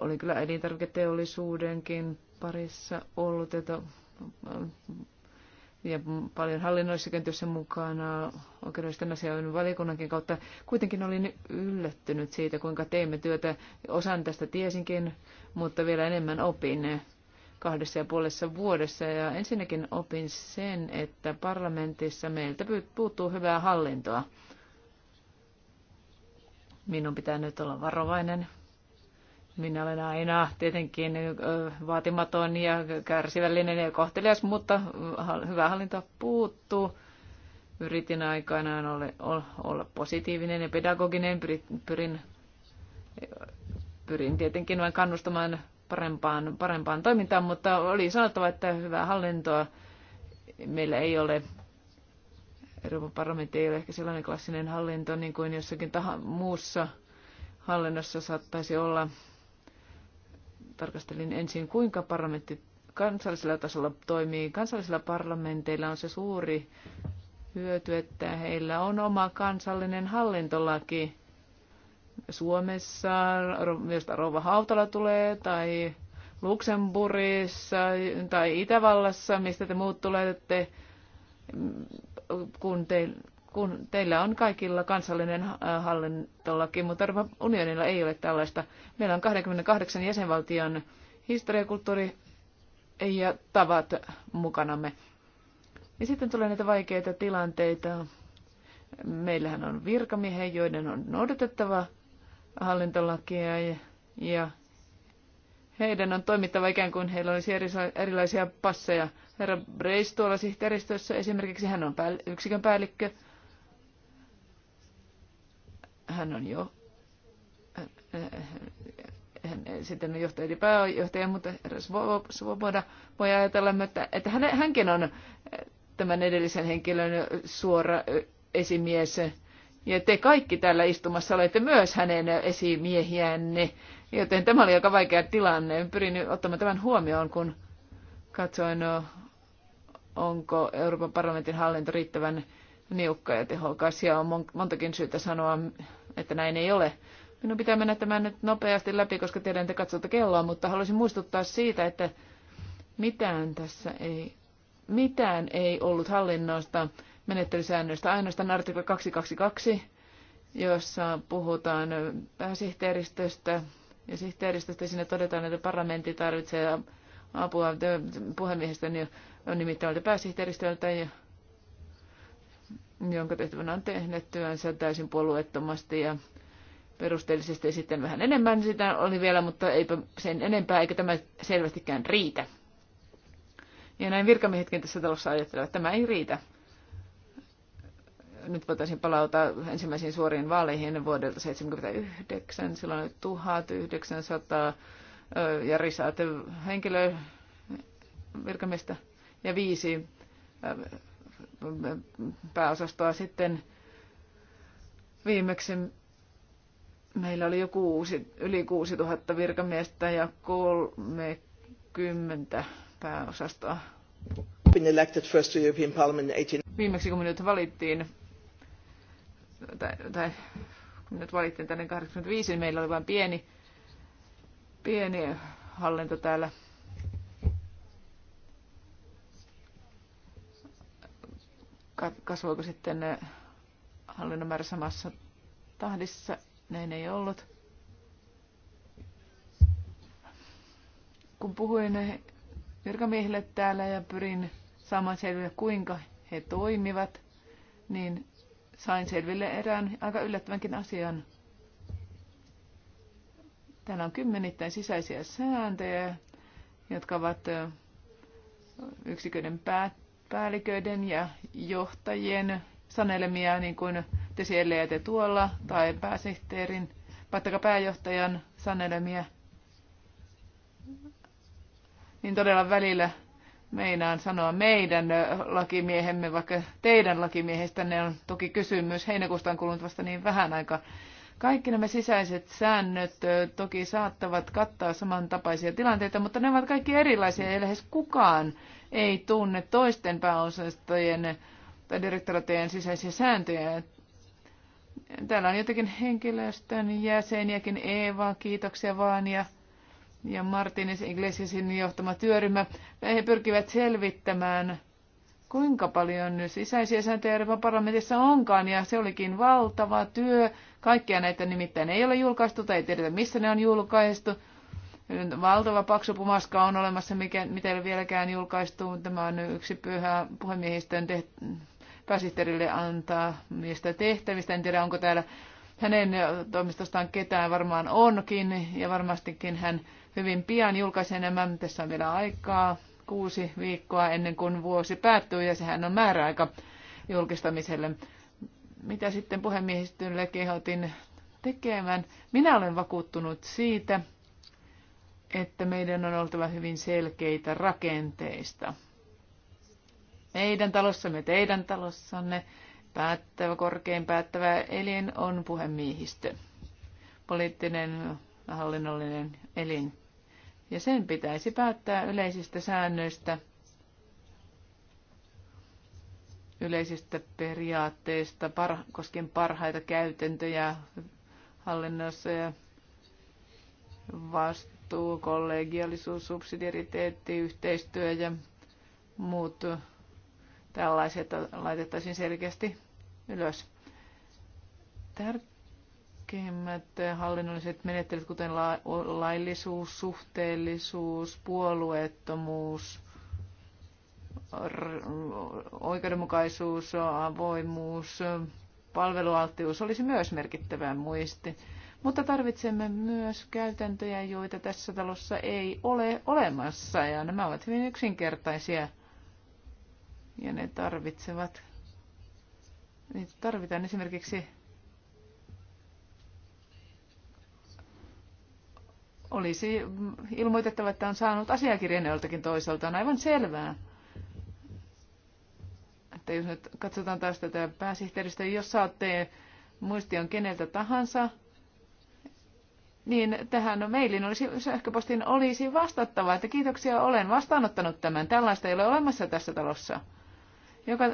oli kyllä elintarviketeollisuudenkin parissa ollut, että ja paljon hallinnollissakin työssä mukana oikeudellisten asioiden valikunnankin kautta. Kuitenkin olin yllättynyt siitä, kuinka teimme työtä. Osan tästä tiesinkin, mutta vielä enemmän opin kahdessa ja puolessa vuodessa. Ja ensinnäkin opin sen, että parlamentissa meiltä puuttuu hyvää hallintoa. Minun pitää nyt olla varovainen. Minä olen aina tietenkin vaatimaton ja kärsivällinen ja kohtelias, mutta hyvä hallinto puuttuu yritin aikanaan olla, olla positiivinen ja pedagoginen. Pyrin, pyrin tietenkin vain kannustamaan parempaan, parempaan toimintaan, mutta oli sanottava, että hyvää hallintoa meillä ei ole. Euroopan parlamentti ei ole ehkä sellainen klassinen hallinto, niin kuin jossakin tahan, muussa hallinnossa saattaisi olla. Tarkastelin ensin, kuinka parlamentti kansallisella tasolla toimii. Kansallisilla parlamenteilla on se suuri hyöty, että heillä on oma kansallinen hallintolaki, Suomessa, myös Rouva Hautala tulee, tai Luxemburgissa tai Itävallassa, mistä te muut tulette, kun, te, kun teillä on kaikilla kansallinen äh, hallintolaki, mutta Euroopan unionilla ei ole tällaista. Meillä on 28 jäsenvaltion historia, kulttuuri ja tavat mukanamme. Ja sitten tulee näitä vaikeita tilanteita. Meillähän on virkamiehiä, joiden on noudatettava hallintolakia ja, ja heidän on toimittava ikään kuin heillä olisi erilaisia passeja. Herra Brace tuolla sihteeristössä esimerkiksi, hän on päälli, yksikön päällikkö. Hän on jo, hän, eh, hän, eh, eh, sitten on johtaja eli pääjohtaja, mutta herra Svoboda voi ajatella, että, että hän, hänkin on tämän edellisen henkilön suora esimies ja te kaikki täällä istumassa olette myös hänen esimiehiänne, joten tämä oli aika vaikea tilanne. Pyrin ottamaan tämän huomioon, kun katsoin, no, onko Euroopan parlamentin hallinto riittävän niukka ja tehokas. Ja on montakin syytä sanoa, että näin ei ole. Minun pitää mennä tämän nyt nopeasti läpi, koska tiedän, että katsotte kelloa, mutta haluaisin muistuttaa siitä, että mitään tässä ei, mitään ei ollut hallinnosta menettelysäännöistä. Ainoastaan artikla 222, jossa puhutaan pääsihteeristöstä ja sihteeristöstä. Siinä todetaan, että parlamentti tarvitsee apua puhemiehestä niin on nimittävältä pääsihteeristöltä, ja, jonka tehtävänä on tehnyt työnsä täysin puolueettomasti ja perusteellisesti sitten vähän enemmän sitä oli vielä, mutta eipä sen enempää, eikä tämä selvästikään riitä. Ja näin virkamiehetkin tässä talossa ajattelevat, että tämä ei riitä nyt voitaisiin palauta ensimmäisiin suoriin vaaleihin vuodelta 1979. Silloin oli 1900 ja risaate henkilö virkamiestä ja viisi pääosastoa sitten viimeksi meillä oli jo kuusi, yli 6000 virkamiestä ja 30 pääosastoa. Viimeksi kun minut valittiin tai, tai kun nyt valittiin tänne 85, niin meillä oli vain pieni, pieni hallinto täällä. Kasvoiko sitten eh, hallinnon määrä samassa tahdissa? Näin ei ollut. Kun puhuin eh, virkamiehille täällä ja pyrin saamaan selville, kuinka he toimivat, niin sain selville erään aika yllättävänkin asian. Täällä on kymmenittäin sisäisiä sääntöjä, jotka ovat yksiköiden päälliköiden ja johtajien sanelemia, niin kuin te siellä ja te tuolla, tai pääsihteerin, vaikka pääjohtajan sanelemia, niin todella välillä meinaan sanoa meidän lakimiehemme, vaikka teidän lakimiehistänne on toki kysymys. Heinäkuusta on kulunut vasta niin vähän aika. Kaikki nämä sisäiset säännöt toki saattavat kattaa samantapaisia tilanteita, mutta ne ovat kaikki erilaisia Ei lähes kukaan ei tunne toisten pääosastojen tai direktoratojen sisäisiä sääntöjä. Täällä on jotenkin henkilöstön jäseniäkin. Eeva, kiitoksia vaan. Ja ja Martinis Iglesiasin johtama työryhmä. He pyrkivät selvittämään, kuinka paljon nyt sisäisiä sääntöjä Euroopan parlamentissa onkaan, ja se olikin valtava työ. Kaikkia näitä nimittäin ei ole julkaistu tai ei tiedetä, missä ne on julkaistu. Valtava paksupumaska on olemassa, mikä, mitä ei ole vieläkään julkaistu. Tämä on yksi pyhä puhemiehistön teht- pääsihteerille antaa miestä tehtävistä. En tiedä, onko täällä hänen toimistostaan ketään varmaan onkin ja varmastikin hän hyvin pian julkaisen nämä. Tässä on vielä aikaa kuusi viikkoa ennen kuin vuosi päättyy ja sehän on määräaika julkistamiselle. Mitä sitten puhemiehistölle kehotin tekemään? Minä olen vakuuttunut siitä, että meidän on oltava hyvin selkeitä rakenteista. Meidän talossamme, teidän talossanne, päättävä, korkein päättävä elin on puhemiehistö. Poliittinen ja hallinnollinen elin ja sen pitäisi päättää yleisistä säännöistä, yleisistä periaatteista par- koskien parhaita käytäntöjä hallinnossa ja vastuu, kollegiallisuus, subsidiariteetti, yhteistyö ja muut tällaiset laitettaisiin selkeästi ylös. Tär- tärkeimmät hallinnolliset menettelyt, kuten laillisuus, suhteellisuus, puolueettomuus, oikeudenmukaisuus, avoimuus, palvelualttius olisi myös merkittävä muisti. Mutta tarvitsemme myös käytäntöjä, joita tässä talossa ei ole olemassa, ja nämä ovat hyvin yksinkertaisia. Ja ne tarvitsevat, niitä tarvitaan esimerkiksi olisi ilmoitettava, että on saanut asiakirjan joltakin toiselta. On aivan selvää. Että jos nyt katsotaan taas tätä pääsihteeristä, jos saatte muistion keneltä tahansa, niin tähän no, mailin olisi, sähköpostin olisi vastattava, että kiitoksia, olen vastaanottanut tämän. Tällaista ei ole olemassa tässä talossa, joka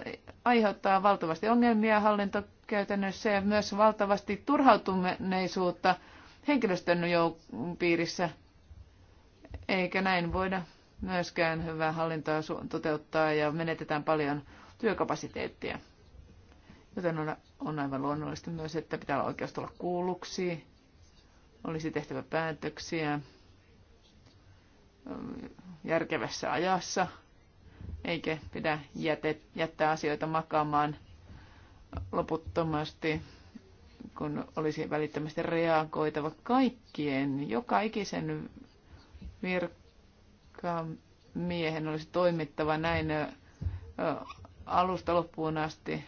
aiheuttaa valtavasti ongelmia hallintokäytännössä ja myös valtavasti turhautuneisuutta – henkilöstön piirissä, eikä näin voida myöskään hyvää hallintoa toteuttaa ja menetetään paljon työkapasiteettia. Joten on, aivan luonnollista myös, että pitää olla oikeus tulla kuulluksi, olisi tehtävä päätöksiä ähm, järkevässä ajassa, eikä pidä jätet, jättää asioita makaamaan loputtomasti kun olisi välittömästi reagoitava kaikkien, joka ikisen virkamiehen olisi toimittava näin alusta loppuun asti.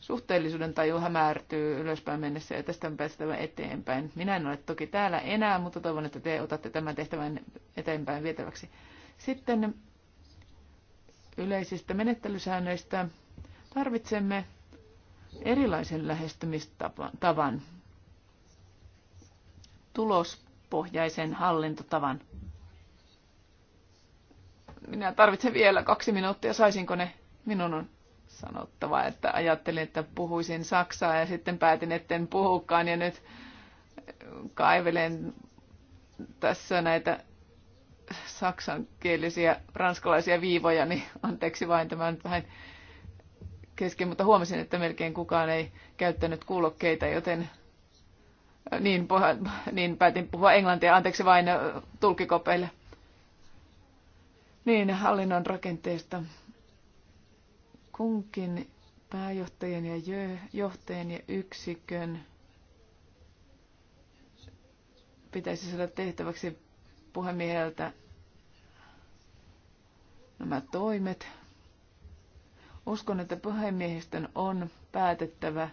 Suhteellisuuden taju hämärtyy ylöspäin mennessä ja tästä on päästävä eteenpäin. Minä en ole toki täällä enää, mutta toivon, että te otatte tämän tehtävän eteenpäin vietäväksi. Sitten yleisistä menettelysäännöistä tarvitsemme erilaisen lähestymistavan, tulospohjaisen hallintotavan. Minä tarvitsen vielä kaksi minuuttia, saisinko ne? Minun on sanottava, että ajattelin, että puhuisin saksaa ja sitten päätin, etten puhukaan ja nyt kaivelen tässä näitä saksankielisiä ranskalaisia viivoja, niin anteeksi vain tämän vähän kesken, mutta huomasin, että melkein kukaan ei käyttänyt kuulokkeita, joten äh, niin, puha, niin päätin puhua englantia. Anteeksi vain äh, tulkikopeille. Niin, hallinnon rakenteesta. Kunkin pääjohtajan ja johtajan ja yksikön pitäisi saada tehtäväksi puhemieheltä nämä toimet Uskon, että puhemiehistön on päätettävä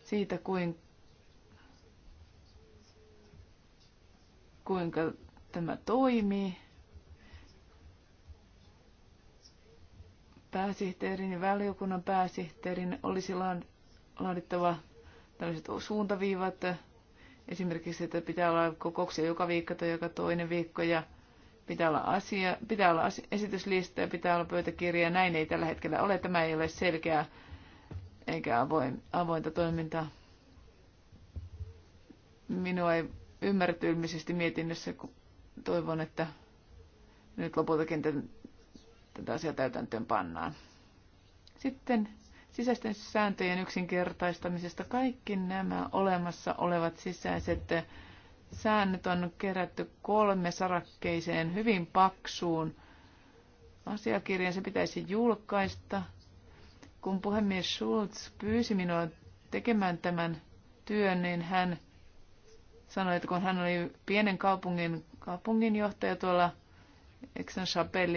siitä, kuinka kuinka tämä toimii. Pääsihteerin ja valiokunnan pääsihteerin olisi laadittava tällaiset suuntaviivat, esimerkiksi, että pitää olla kokouksia joka viikko tai joka toinen viikko ja Pitää olla, asia, pitää olla esityslista ja pitää olla pöytäkirja. Näin ei tällä hetkellä ole. Tämä ei ole selkeää eikä avoin, avointa toimintaa. Minua ei ymmärretty ilmeisesti mietinnössä, kun toivon, että nyt lopultakin tämän, tätä asiaa täytäntöön pannaan. Sitten sisäisten sääntöjen yksinkertaistamisesta. Kaikki nämä olemassa olevat sisäiset Säännöt on kerätty kolme sarakkeiseen hyvin paksuun asiakirjaan. Se pitäisi julkaista. Kun puhemies Schulz pyysi minua tekemään tämän työn, niin hän sanoi, että kun hän oli pienen kaupungin kaupunginjohtaja tuolla aix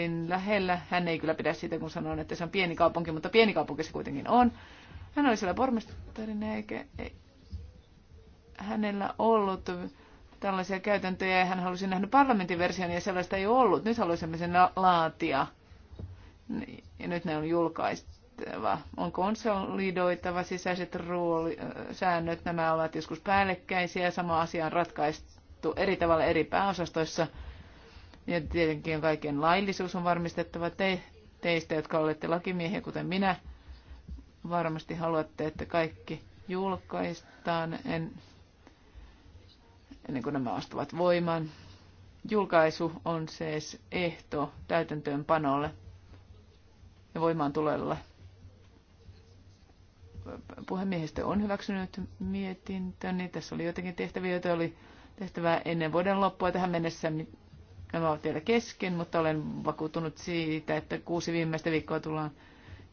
en lähellä, hän ei kyllä pidä siitä, kun sanoin, että se on pieni kaupunki, mutta pieni kaupunki se kuitenkin on. Hän oli siellä pormestarina eikä ei, hänellä ollut tällaisia käytäntöjä ja hän halusi nähdä parlamentin version ja sellaista ei ollut. Nyt haluaisimme sen laatia ja nyt ne on julkaistava. On konsolidoitava sisäiset rooli, säännöt, nämä ovat joskus päällekkäisiä, sama asia on ratkaistu eri tavalla eri pääosastoissa. Ja tietenkin kaiken laillisuus on varmistettava te, teistä, jotka olette lakimiehiä, kuten minä. Varmasti haluatte, että kaikki julkaistaan. En, ennen kuin nämä astuvat voimaan. Julkaisu on siis ehto täytäntöönpanolle ja voimaan tulella. Puhemiehistö on hyväksynyt mietintöni. Tässä oli jotenkin tehtäviä, joita oli tehtävää ennen vuoden loppua tähän mennessä. Nämä ovat vielä kesken, mutta olen vakuuttunut siitä, että kuusi viimeistä viikkoa tullaan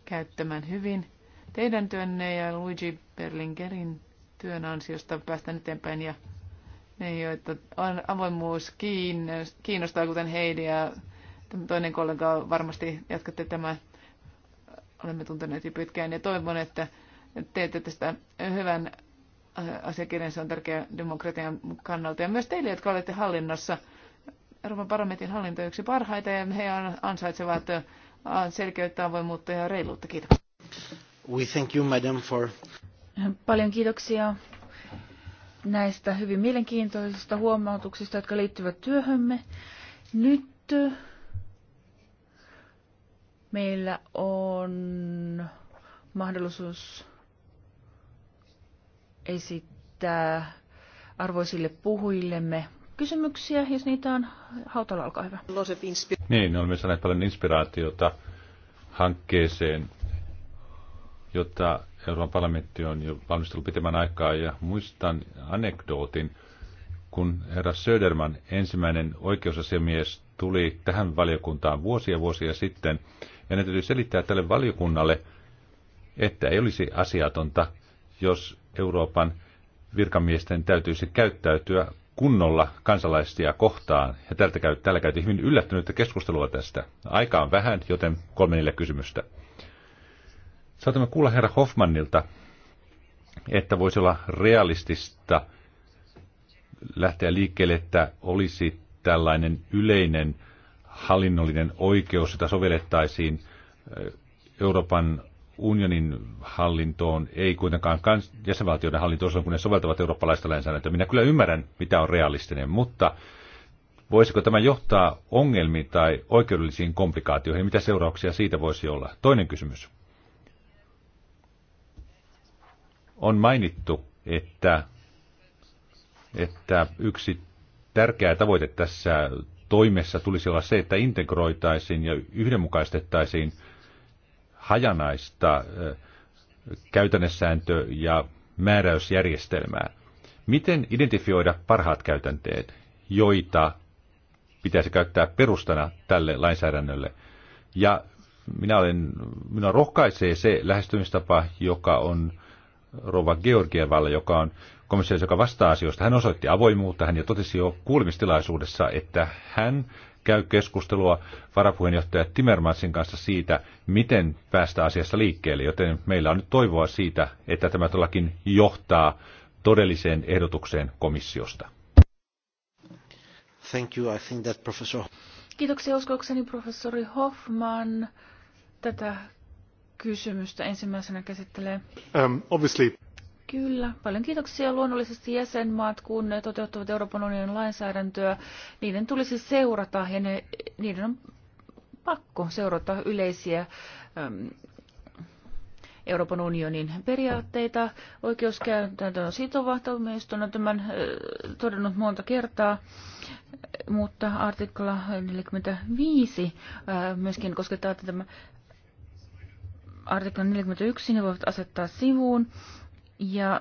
käyttämään hyvin. Teidän työnne ja Luigi Berlingerin työn ansiosta päästään eteenpäin ja ne, niin, että on avoimuus kiinnostaa, kuten Heidi ja toinen kollega varmasti jatkatte tämä. Olemme tunteneet jo pitkään ja toivon, että teette tästä hyvän äh, asiakirjan. Se on tärkeä demokratian kannalta ja myös teille, jotka olette hallinnossa. Euroopan parlamentin hallinto yksi parhaita ja he ansaitsevat äh, selkeyttä, avoimuutta ja reiluutta. Kiitos. We thank you, madam, for... Paljon kiitoksia näistä hyvin mielenkiintoisista huomautuksista, jotka liittyvät työhömme. Nyt äh, meillä on mahdollisuus esittää arvoisille puhujillemme kysymyksiä, jos niitä on. Hautala, olkaa hyvä. Niin, olemme saaneet paljon inspiraatiota hankkeeseen, jota Euroopan parlamentti on jo valmistellut pitemmän aikaa ja muistan anekdootin, kun herra Söderman, ensimmäinen oikeusasiamies, tuli tähän valiokuntaan vuosia vuosia sitten, ja ne täytyy selittää tälle valiokunnalle, että ei olisi asiatonta, jos Euroopan virkamiesten täytyisi käyttäytyä kunnolla kansalaisia kohtaan. Ja tältä käy, täällä käytiin hyvin yllättynyttä keskustelua tästä. Aika on vähän, joten kolme neljä kysymystä. Saatamme kuulla herra Hoffmannilta, että voisi olla realistista lähteä liikkeelle, että olisi tällainen yleinen hallinnollinen oikeus, jota sovellettaisiin eh, Euroopan unionin hallintoon, ei kuitenkaan kans- jäsenvaltioiden hallintoon, kun ne soveltavat eurooppalaista lainsäädäntöä. Minä kyllä ymmärrän, mitä on realistinen, mutta voisiko tämä johtaa ongelmiin tai oikeudellisiin komplikaatioihin? Mitä seurauksia siitä voisi olla? Toinen kysymys. on mainittu, että, että yksi tärkeä tavoite tässä toimessa tulisi olla se, että integroitaisiin ja yhdenmukaistettaisiin hajanaista eh, käytännössääntö- ja määräysjärjestelmää. Miten identifioida parhaat käytänteet, joita pitäisi käyttää perustana tälle lainsäädännölle? Ja minä, olen, minä rohkaisee se lähestymistapa, joka on Rova Georgievalle, joka on komissio, joka vastaa asioista. Hän osoitti avoimuutta, hän jo totesi jo kuulemistilaisuudessa, että hän käy keskustelua varapuheenjohtaja Timmermansin kanssa siitä, miten päästä asiassa liikkeelle, joten meillä on nyt toivoa siitä, että tämä todellakin johtaa todelliseen ehdotukseen komissiosta. Thank you. I think that professor... Kiitoksia uskokseni professori Hoffman. Tätä kysymystä ensimmäisenä käsittelee. Um, obviously. Kyllä, paljon kiitoksia. Luonnollisesti jäsenmaat, kun ne toteuttavat Euroopan unionin lainsäädäntöä, niiden tulisi seurata ja ne, niiden on pakko seurata yleisiä um, Euroopan unionin periaatteita. Oikeuskäytäntö on sitova, tuomioistuin on tämän todennut monta kertaa, mutta artikla 45 äh, myöskin koskettaa tämä artiklan 41 ne voivat asettaa sivuun. Ja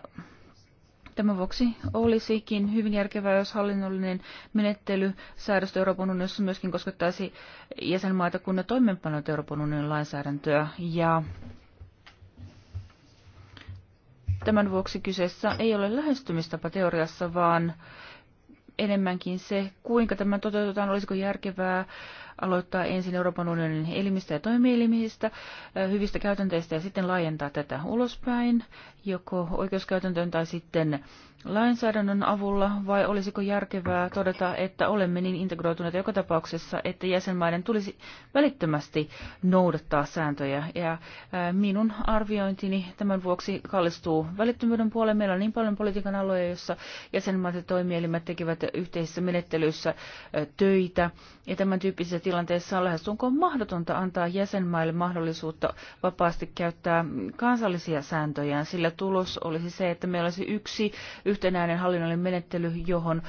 Tämän vuoksi olisikin hyvin järkevää, jos hallinnollinen menettely säädöstä Euroopan unionissa myöskin koskettaisi jäsenmaita, kun ne toimeenpanoivat Euroopan unionin lainsäädäntöä. Ja tämän vuoksi kyseessä ei ole lähestymistapa teoriassa, vaan enemmänkin se, kuinka tämä toteutetaan, olisiko järkevää aloittaa ensin Euroopan unionin elimistä ja toimielimistä, hyvistä käytänteistä ja sitten laajentaa tätä ulospäin, joko oikeuskäytäntöön tai sitten lainsäädännön avulla vai olisiko järkevää todeta, että olemme niin integroituneita joka tapauksessa, että jäsenmaiden tulisi välittömästi noudattaa sääntöjä. Ja minun arviointini tämän vuoksi kallistuu välittömyyden puoleen. Meillä on niin paljon politiikan aloja, joissa jäsenmaat ja toimielimet tekevät yhteisissä menettelyissä töitä. Ja tämän tyyppisessä tilanteessa on lähestulkoon mahdotonta antaa jäsenmaille mahdollisuutta vapaasti käyttää kansallisia sääntöjä, sillä tulos olisi se, että meillä olisi yksi yhtenäinen hallinnollinen menettely, johon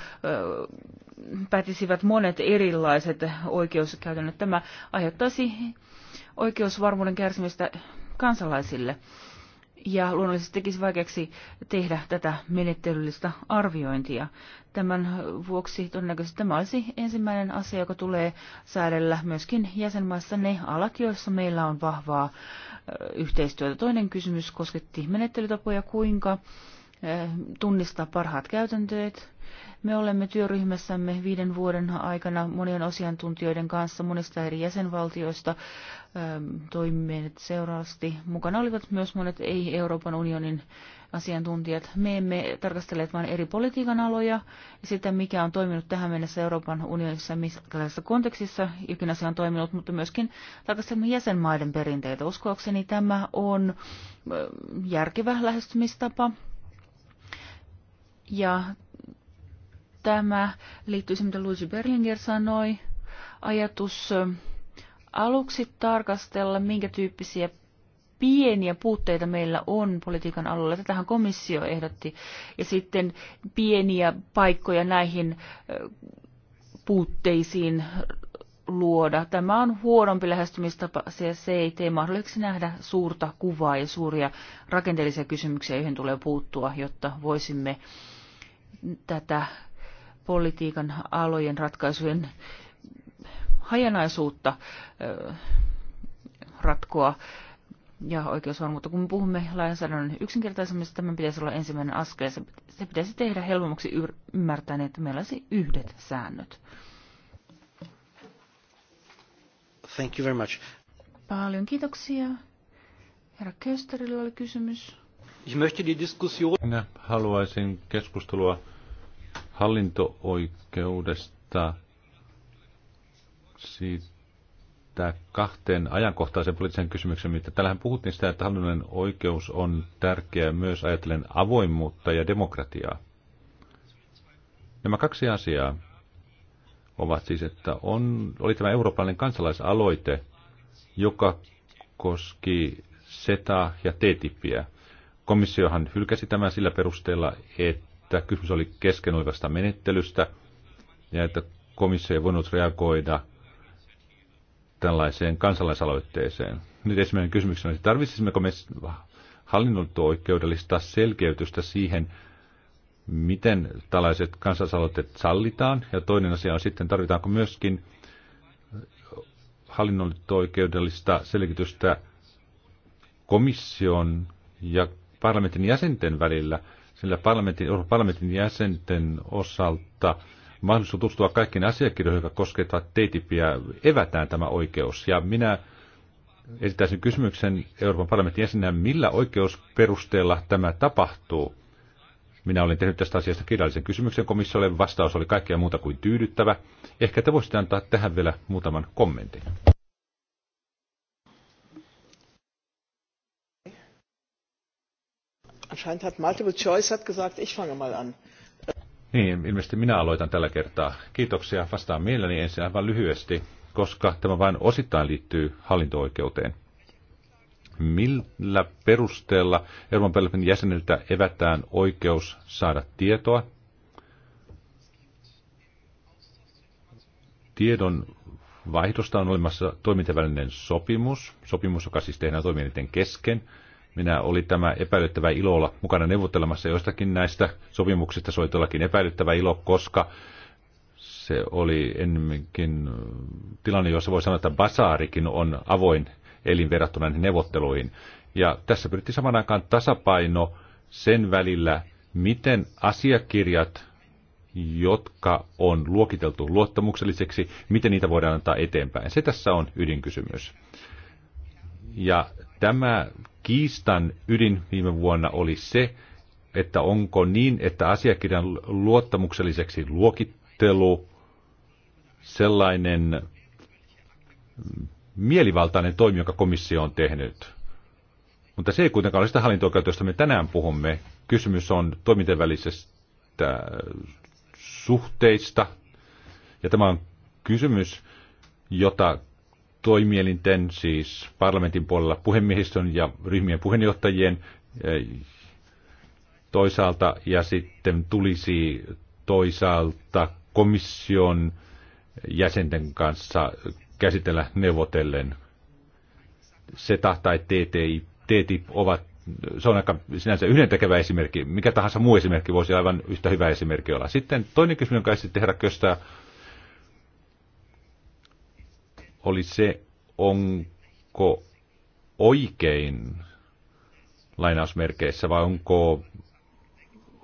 pätisivät monet erilaiset oikeuskäytännöt. Tämä aiheuttaisi oikeusvarmuuden kärsimistä kansalaisille ja luonnollisesti tekisi vaikeaksi tehdä tätä menettelyllistä arviointia. Tämän vuoksi todennäköisesti tämä olisi ensimmäinen asia, joka tulee säädellä myöskin jäsenmaissa ne alat, joissa meillä on vahvaa yhteistyötä. Toinen kysymys kosketti menettelytapoja, kuinka tunnistaa parhaat käytänteet. Me olemme työryhmässämme viiden vuoden aikana monien asiantuntijoiden kanssa monista eri jäsenvaltioista toimineet seuraavasti. Mukana olivat myös monet ei-Euroopan unionin asiantuntijat. Me emme tarkastelleet vain eri politiikan aloja ja sitä, mikä on toiminut tähän mennessä Euroopan unionissa, missä kontekstissa jokin asia on toiminut, mutta myöskin tarkastelemme jäsenmaiden perinteitä. Uskoakseni tämä on järkevä lähestymistapa ja tämä liittyy siihen, mitä Luigi Berlinger sanoi. Ajatus aluksi tarkastella, minkä tyyppisiä pieniä puutteita meillä on politiikan alueella. Tätähän komissio ehdotti. Ja sitten pieniä paikkoja näihin puutteisiin luoda. Tämä on huonompi lähestymistapa, sillä se ei tee mahdolliseksi nähdä suurta kuvaa ja suuria rakenteellisia kysymyksiä, joihin tulee puuttua, jotta voisimme tätä politiikan alojen ratkaisujen hajanaisuutta ratkoa ja oikeusvarmuutta. Kun me puhumme lainsäädännön yksinkertaisemmista, tämän pitäisi olla ensimmäinen askel. Se, pitäisi tehdä helpommaksi ymmärtäen, että meillä olisi yhdet säännöt. Thank you very much. Paljon kiitoksia. Herra Kösterillä oli kysymys. Ich möchte die Diskussion... Minä haluaisin keskustelua hallinto-oikeudesta siitä kahteen ajankohtaisen poliittisen kysymyksen, mitä tällähän puhuttiin sitä, että hallinnollinen oikeus on tärkeä myös ajatellen avoimuutta ja demokratiaa. Nämä kaksi asiaa ovat siis, että on, oli tämä eurooppalainen kansalaisaloite, joka koski SETA ja TTIPiä. Komissiohan hylkäsi tämän sillä perusteella, että kysymys oli kesken olevasta menettelystä ja että komissio ei voinut reagoida tällaiseen kansalaisaloitteeseen. Nyt ensimmäinen kysymys on, että tarvitsisimmeko me hallinnointo-oikeudellista selkeytystä siihen, miten tällaiset kansalaisaloitteet sallitaan, ja toinen asia on sitten, tarvitaanko myöskin hallinnollista oikeudellista selkitystä komission ja parlamentin jäsenten välillä, sillä parlamentin, parlamentin jäsenten osalta mahdollisuus tutustua kaikkiin asiakirjoihin, jotka koskevat TTIPiä, evätään tämä oikeus. Ja minä esittäisin kysymyksen Euroopan parlamentin jäsenenä, millä oikeusperusteella tämä tapahtuu. Minä olin tehnyt tästä asiasta kirjallisen kysymyksen komissiolle. Vastaus oli kaikkea muuta kuin tyydyttävä. Ehkä te voisitte antaa tähän vielä muutaman kommentin. anscheinend hat Multiple Choice hat gesagt, ich fange mal an. Niin, ilmeisesti minä aloitan tällä kertaa. Kiitoksia. Vastaan mielelläni ensin aivan lyhyesti, koska tämä vain osittain liittyy hallinto-oikeuteen. Millä perusteella Euroopan parlamentin jäseniltä evätään oikeus saada tietoa? Tiedon vaihdosta on olemassa toimintavälinen sopimus, sopimus, joka siis tehdään toimijoiden kesken – minä oli tämä epäilyttävä ilo olla mukana neuvottelemassa jostakin näistä sopimuksista. Se oli todellakin epäilyttävä ilo, koska se oli ennenkin tilanne, jossa voi sanoa, että basaarikin on avoin elin verrattuna neuvotteluihin. Ja tässä pyrittiin saman aikaan tasapaino sen välillä, miten asiakirjat, jotka on luokiteltu luottamukselliseksi, miten niitä voidaan antaa eteenpäin. Se tässä on ydinkysymys. Ja tämä kiistan ydin viime vuonna oli se, että onko niin, että asiakirjan luottamukselliseksi luokittelu sellainen mielivaltainen toimi, jonka komissio on tehnyt. Mutta se ei kuitenkaan ole sitä hallinto josta me tänään puhumme. Kysymys on toimintojen välisestä suhteista. Ja tämä on kysymys, jota toimielinten, siis parlamentin puolella puhemiehistön ja ryhmien puheenjohtajien eh, toisaalta, ja sitten tulisi toisaalta komission jäsenten kanssa käsitellä neuvotellen. SETA tai TTIP, TTIP ovat, se on aika sinänsä yhdentekevä esimerkki. Mikä tahansa muu esimerkki voisi aivan yhtä hyvä esimerkki olla. Sitten toinen kysymys, jonka esitti herra Köstää, oli se, onko oikein lainausmerkeissä vai onko,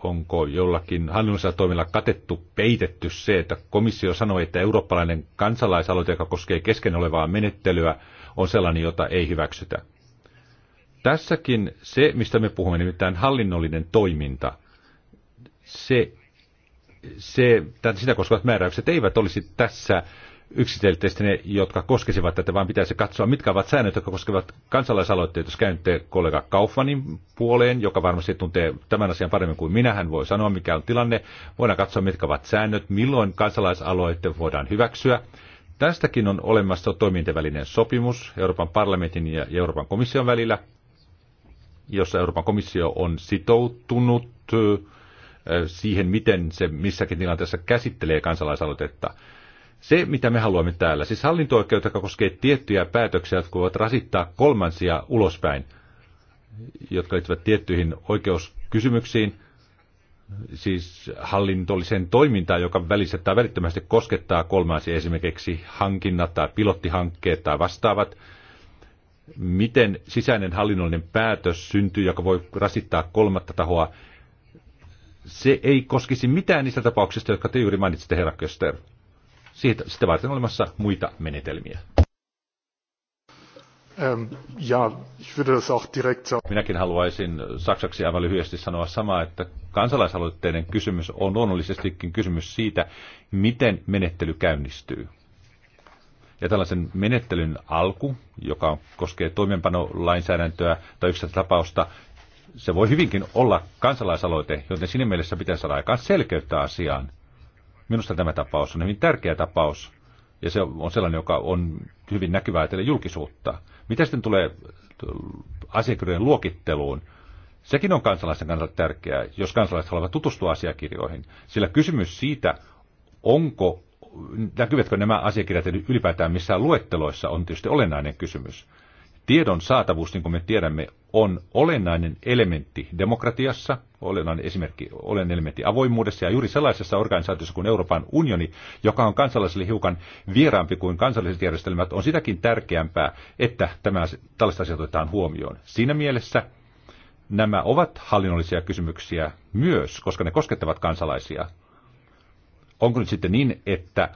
onko jollakin hallinnollisella toimilla katettu, peitetty se, että komissio sanoi, että eurooppalainen kansalaisaloite, joka koskee kesken olevaa menettelyä, on sellainen, jota ei hyväksytä. Tässäkin se, mistä me puhumme, nimittäin hallinnollinen toiminta, se, se, sitä koskevat määräykset eivät olisi tässä yksiselitteisesti ne, jotka koskisivat tätä, vaan pitäisi katsoa, mitkä ovat säännöt, jotka koskevat kansalaisaloitteita. Jos käynte kollega Kaufmanin puoleen, joka varmasti tuntee tämän asian paremmin kuin minä, hän voi sanoa, mikä on tilanne. Voidaan katsoa, mitkä ovat säännöt, milloin kansalaisaloitte voidaan hyväksyä. Tästäkin on olemassa toimintavälinen sopimus Euroopan parlamentin ja Euroopan komission välillä, jossa Euroopan komissio on sitoutunut siihen, miten se missäkin tilanteessa käsittelee kansalaisaloitetta. Se, mitä me haluamme täällä, siis hallinto joka koskee tiettyjä päätöksiä, jotka voivat rasittaa kolmansia ulospäin, jotka liittyvät tiettyihin oikeuskysymyksiin, siis hallintolliseen toimintaan, joka välissä tai välittömästi koskettaa kolmansia esimerkiksi hankinnat tai pilottihankkeet tai vastaavat, miten sisäinen hallinnollinen päätös syntyy, joka voi rasittaa kolmatta tahoa, se ei koskisi mitään niistä tapauksista, jotka te juuri mainitsitte, herra Köster siitä, sitä varten olemassa muita menetelmiä. Ähm, Minäkin haluaisin saksaksi aivan lyhyesti sanoa samaa, että kansalaisaloitteiden kysymys on luonnollisestikin kysymys siitä, miten menettely käynnistyy. Ja tällaisen menettelyn alku, joka koskee toimeenpanolainsäädäntöä tai yksittäistä tapausta, se voi hyvinkin olla kansalaisaloite, joten sinne mielessä pitää saada aikaan selkeyttä asiaan. Minusta tämä tapaus on hyvin tärkeä tapaus, ja se on sellainen, joka on hyvin näkyvä ajatellen julkisuutta. Mitä sitten tulee asiakirjojen luokitteluun? Sekin on kansalaisten kannalta tärkeää, jos kansalaiset haluavat tutustua asiakirjoihin. Sillä kysymys siitä, onko, näkyvätkö nämä asiakirjat ylipäätään missään luetteloissa, on tietysti olennainen kysymys. Tiedon saatavuus, niin kuin me tiedämme, on olennainen elementti demokratiassa – olennainen esimerkki, olen elementti avoimuudessa ja juuri sellaisessa organisaatiossa kuin Euroopan unioni, joka on kansalaisille hiukan vieraampi kuin kansalliset järjestelmät, on sitäkin tärkeämpää, että tämä, tällaista asiaa otetaan huomioon. Siinä mielessä nämä ovat hallinnollisia kysymyksiä myös, koska ne koskettavat kansalaisia. Onko nyt sitten niin, että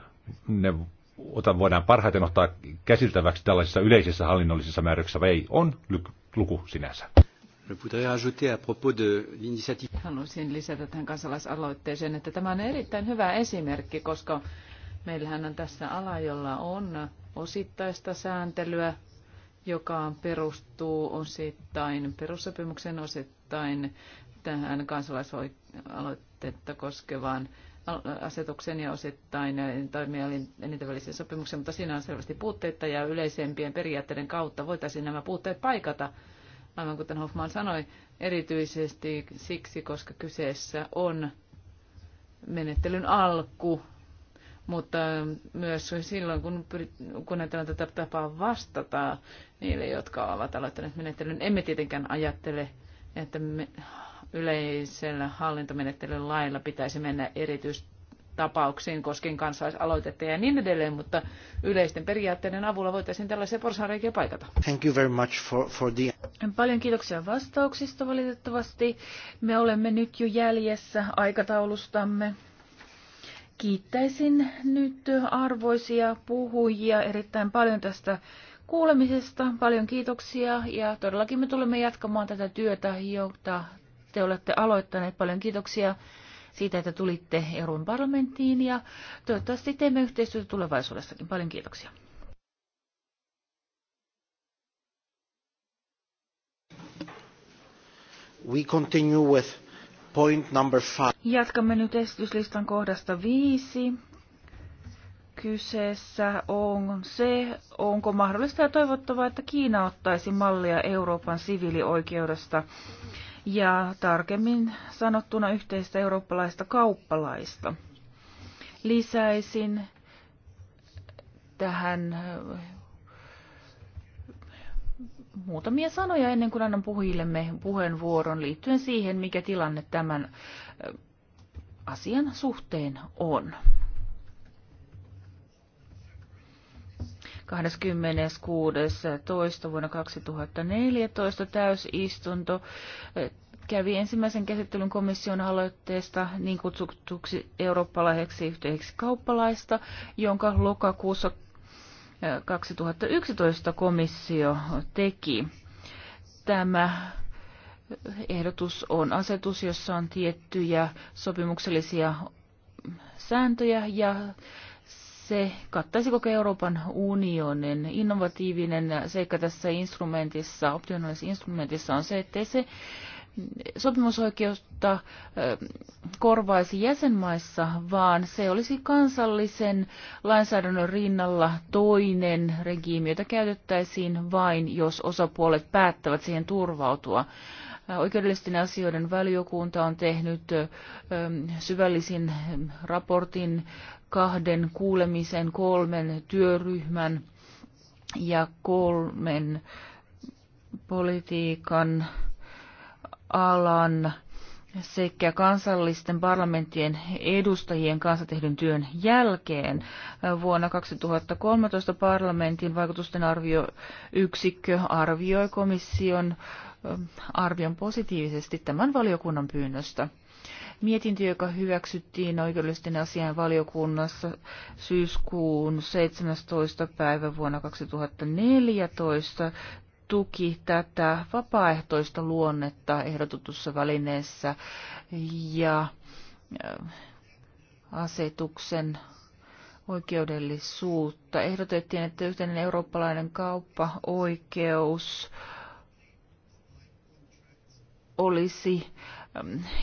ne voidaan parhaiten ottaa käsiltäväksi tällaisissa yleisissä hallinnollisissa määräyksissä vai ei, on luku sinänsä. Haluaisin lisätä tähän kansalaisaloitteeseen, että tämä on erittäin hyvä esimerkki, koska meillähän on tässä ala, jolla on osittaista sääntelyä, joka perustuu osittain perussopimuksen osittain tähän kansalaisaloitetta koskevaan asetuksen ja osittain toimielinten välisen sopimuksen, mutta siinä on selvästi puutteita ja yleisempien periaatteiden kautta voitaisiin nämä puutteet paikata aivan kuten Hoffman sanoi, erityisesti siksi, koska kyseessä on menettelyn alku, mutta myös silloin, kun, pyrit, kun ajatellaan tätä tapaa vastata niille, jotka ovat aloittaneet menettelyn, emme tietenkään ajattele, että me yleisellä hallintomenettelyn lailla pitäisi mennä erityistapauksiin koskien kansalaisaloitetta ja niin edelleen, mutta yleisten periaatteiden avulla voitaisiin tällaisia porsaanreikiä paikata. Thank you very much for, for the... Paljon kiitoksia vastauksista valitettavasti. Me olemme nyt jo jäljessä aikataulustamme. Kiittäisin nyt arvoisia puhujia erittäin paljon tästä kuulemisesta. Paljon kiitoksia ja todellakin me tulemme jatkamaan tätä työtä, jota te olette aloittaneet. Paljon kiitoksia siitä, että tulitte Euroopan parlamenttiin ja toivottavasti teemme yhteistyötä tulevaisuudessakin. Paljon kiitoksia. We continue with point number five. Jatkamme nyt esityslistan kohdasta viisi. Kyseessä on se, onko mahdollista ja toivottavaa, että Kiina ottaisi mallia Euroopan siviilioikeudesta ja tarkemmin sanottuna yhteistä eurooppalaista kauppalaista. Lisäisin tähän muutamia sanoja ennen kuin annan puhujillemme puheenvuoron liittyen siihen, mikä tilanne tämän asian suhteen on. 26.12. vuonna 2014 täysistunto kävi ensimmäisen käsittelyn komission aloitteesta niin kutsutuksi eurooppalaiseksi yhteiseksi kauppalaista, jonka lokakuussa 2011 komissio teki. Tämä ehdotus on asetus, jossa on tiettyjä sopimuksellisia sääntöjä ja se kattaisi koko Euroopan unionin. Innovatiivinen seikka tässä instrumentissa, optionaalisessa instrumentissa on se, että se sopimusoikeutta korvaisi jäsenmaissa, vaan se olisi kansallisen lainsäädännön rinnalla toinen regiimi, jota käytettäisiin vain, jos osapuolet päättävät siihen turvautua. Oikeudellisten asioiden valiokunta on tehnyt syvällisin raportin kahden kuulemisen, kolmen työryhmän ja kolmen politiikan alan sekä kansallisten parlamenttien edustajien kanssa tehdyn työn jälkeen. Vuonna 2013 parlamentin vaikutusten arvioyksikkö arvioi komission ähm, arvion positiivisesti tämän valiokunnan pyynnöstä. Mietintö, joka hyväksyttiin oikeudellisten asian valiokunnassa syyskuun 17. päivä vuonna 2014, tuki tätä vapaaehtoista luonnetta ehdotetussa välineessä ja äh, asetuksen oikeudellisuutta. Ehdotettiin, että yhteinen eurooppalainen kauppaoikeus olisi ähm,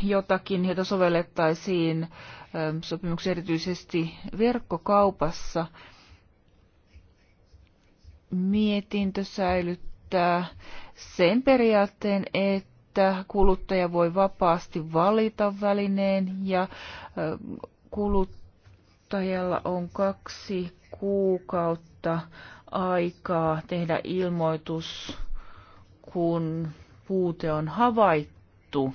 jotakin, jota sovellettaisiin ähm, sopimuksen erityisesti verkkokaupassa. Mietintö säilyttää käyttää sen periaatteen, että kuluttaja voi vapaasti valita välineen ja kuluttajalla on kaksi kuukautta aikaa tehdä ilmoitus, kun puute on havaittu.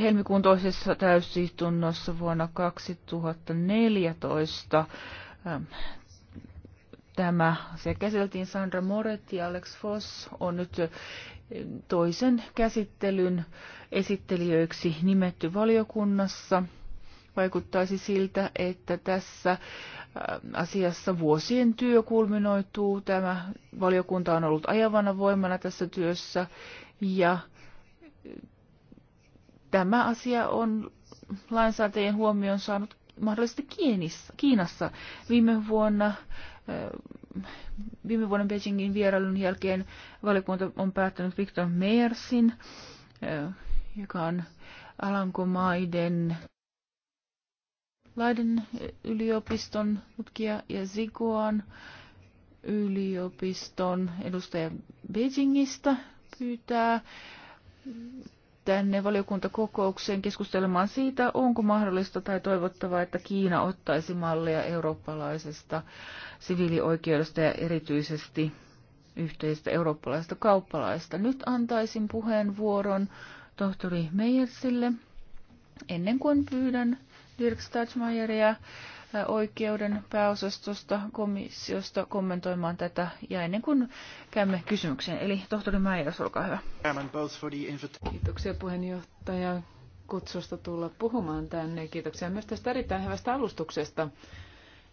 Helmikuun toisessa täysistunnossa vuonna 2014 tämä se käsiteltiin Sandra Moret ja Alex Foss on nyt eh, toisen käsittelyn esittelijöiksi nimetty valiokunnassa. Vaikuttaisi siltä, että tässä eh, asiassa vuosien työ kulminoituu. Tämä valiokunta on ollut ajavana voimana tässä työssä ja eh, tämä asia on lainsäätäjien huomioon saanut mahdollisesti Kiinassa. Kiinassa viime vuonna Viime vuoden Beijingin vierailun jälkeen valiokunta on päättänyt Viktor Meersin, eh, joka on Alankomaiden Laiden eh, yliopiston tutkija ja Ziguan yliopiston edustaja Beijingistä pyytää tänne valiokuntakokoukseen keskustelemaan siitä, onko mahdollista tai toivottavaa, että Kiina ottaisi mallia eurooppalaisesta siviilioikeudesta ja erityisesti yhteistä eurooppalaista kauppalaista. Nyt antaisin puheenvuoron tohtori Meijersille ennen kuin pyydän Dirk Stadtmeieria oikeuden pääosastosta komissiosta kommentoimaan tätä ja ennen kuin käymme kysymykseen. Eli tohtori Mäijäs, olkaa hyvä. Kiitoksia puheenjohtaja kutsusta tulla puhumaan tänne. Kiitoksia myös tästä erittäin hyvästä alustuksesta,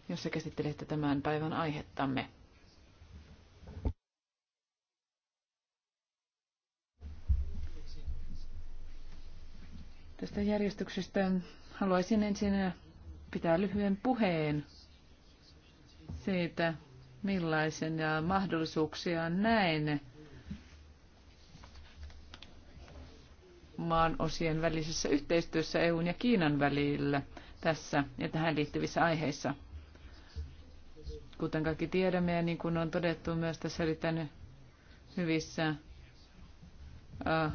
jossa käsittelette tämän päivän aihettamme. Tästä järjestyksestä haluaisin ensin pitää lyhyen puheen siitä, millaisen ja mahdollisuuksia näen maan osien välisessä yhteistyössä EUn ja Kiinan välillä tässä ja tähän liittyvissä aiheissa. Kuten kaikki tiedämme ja niin kuin on todettu myös tässä erittäin hyvissä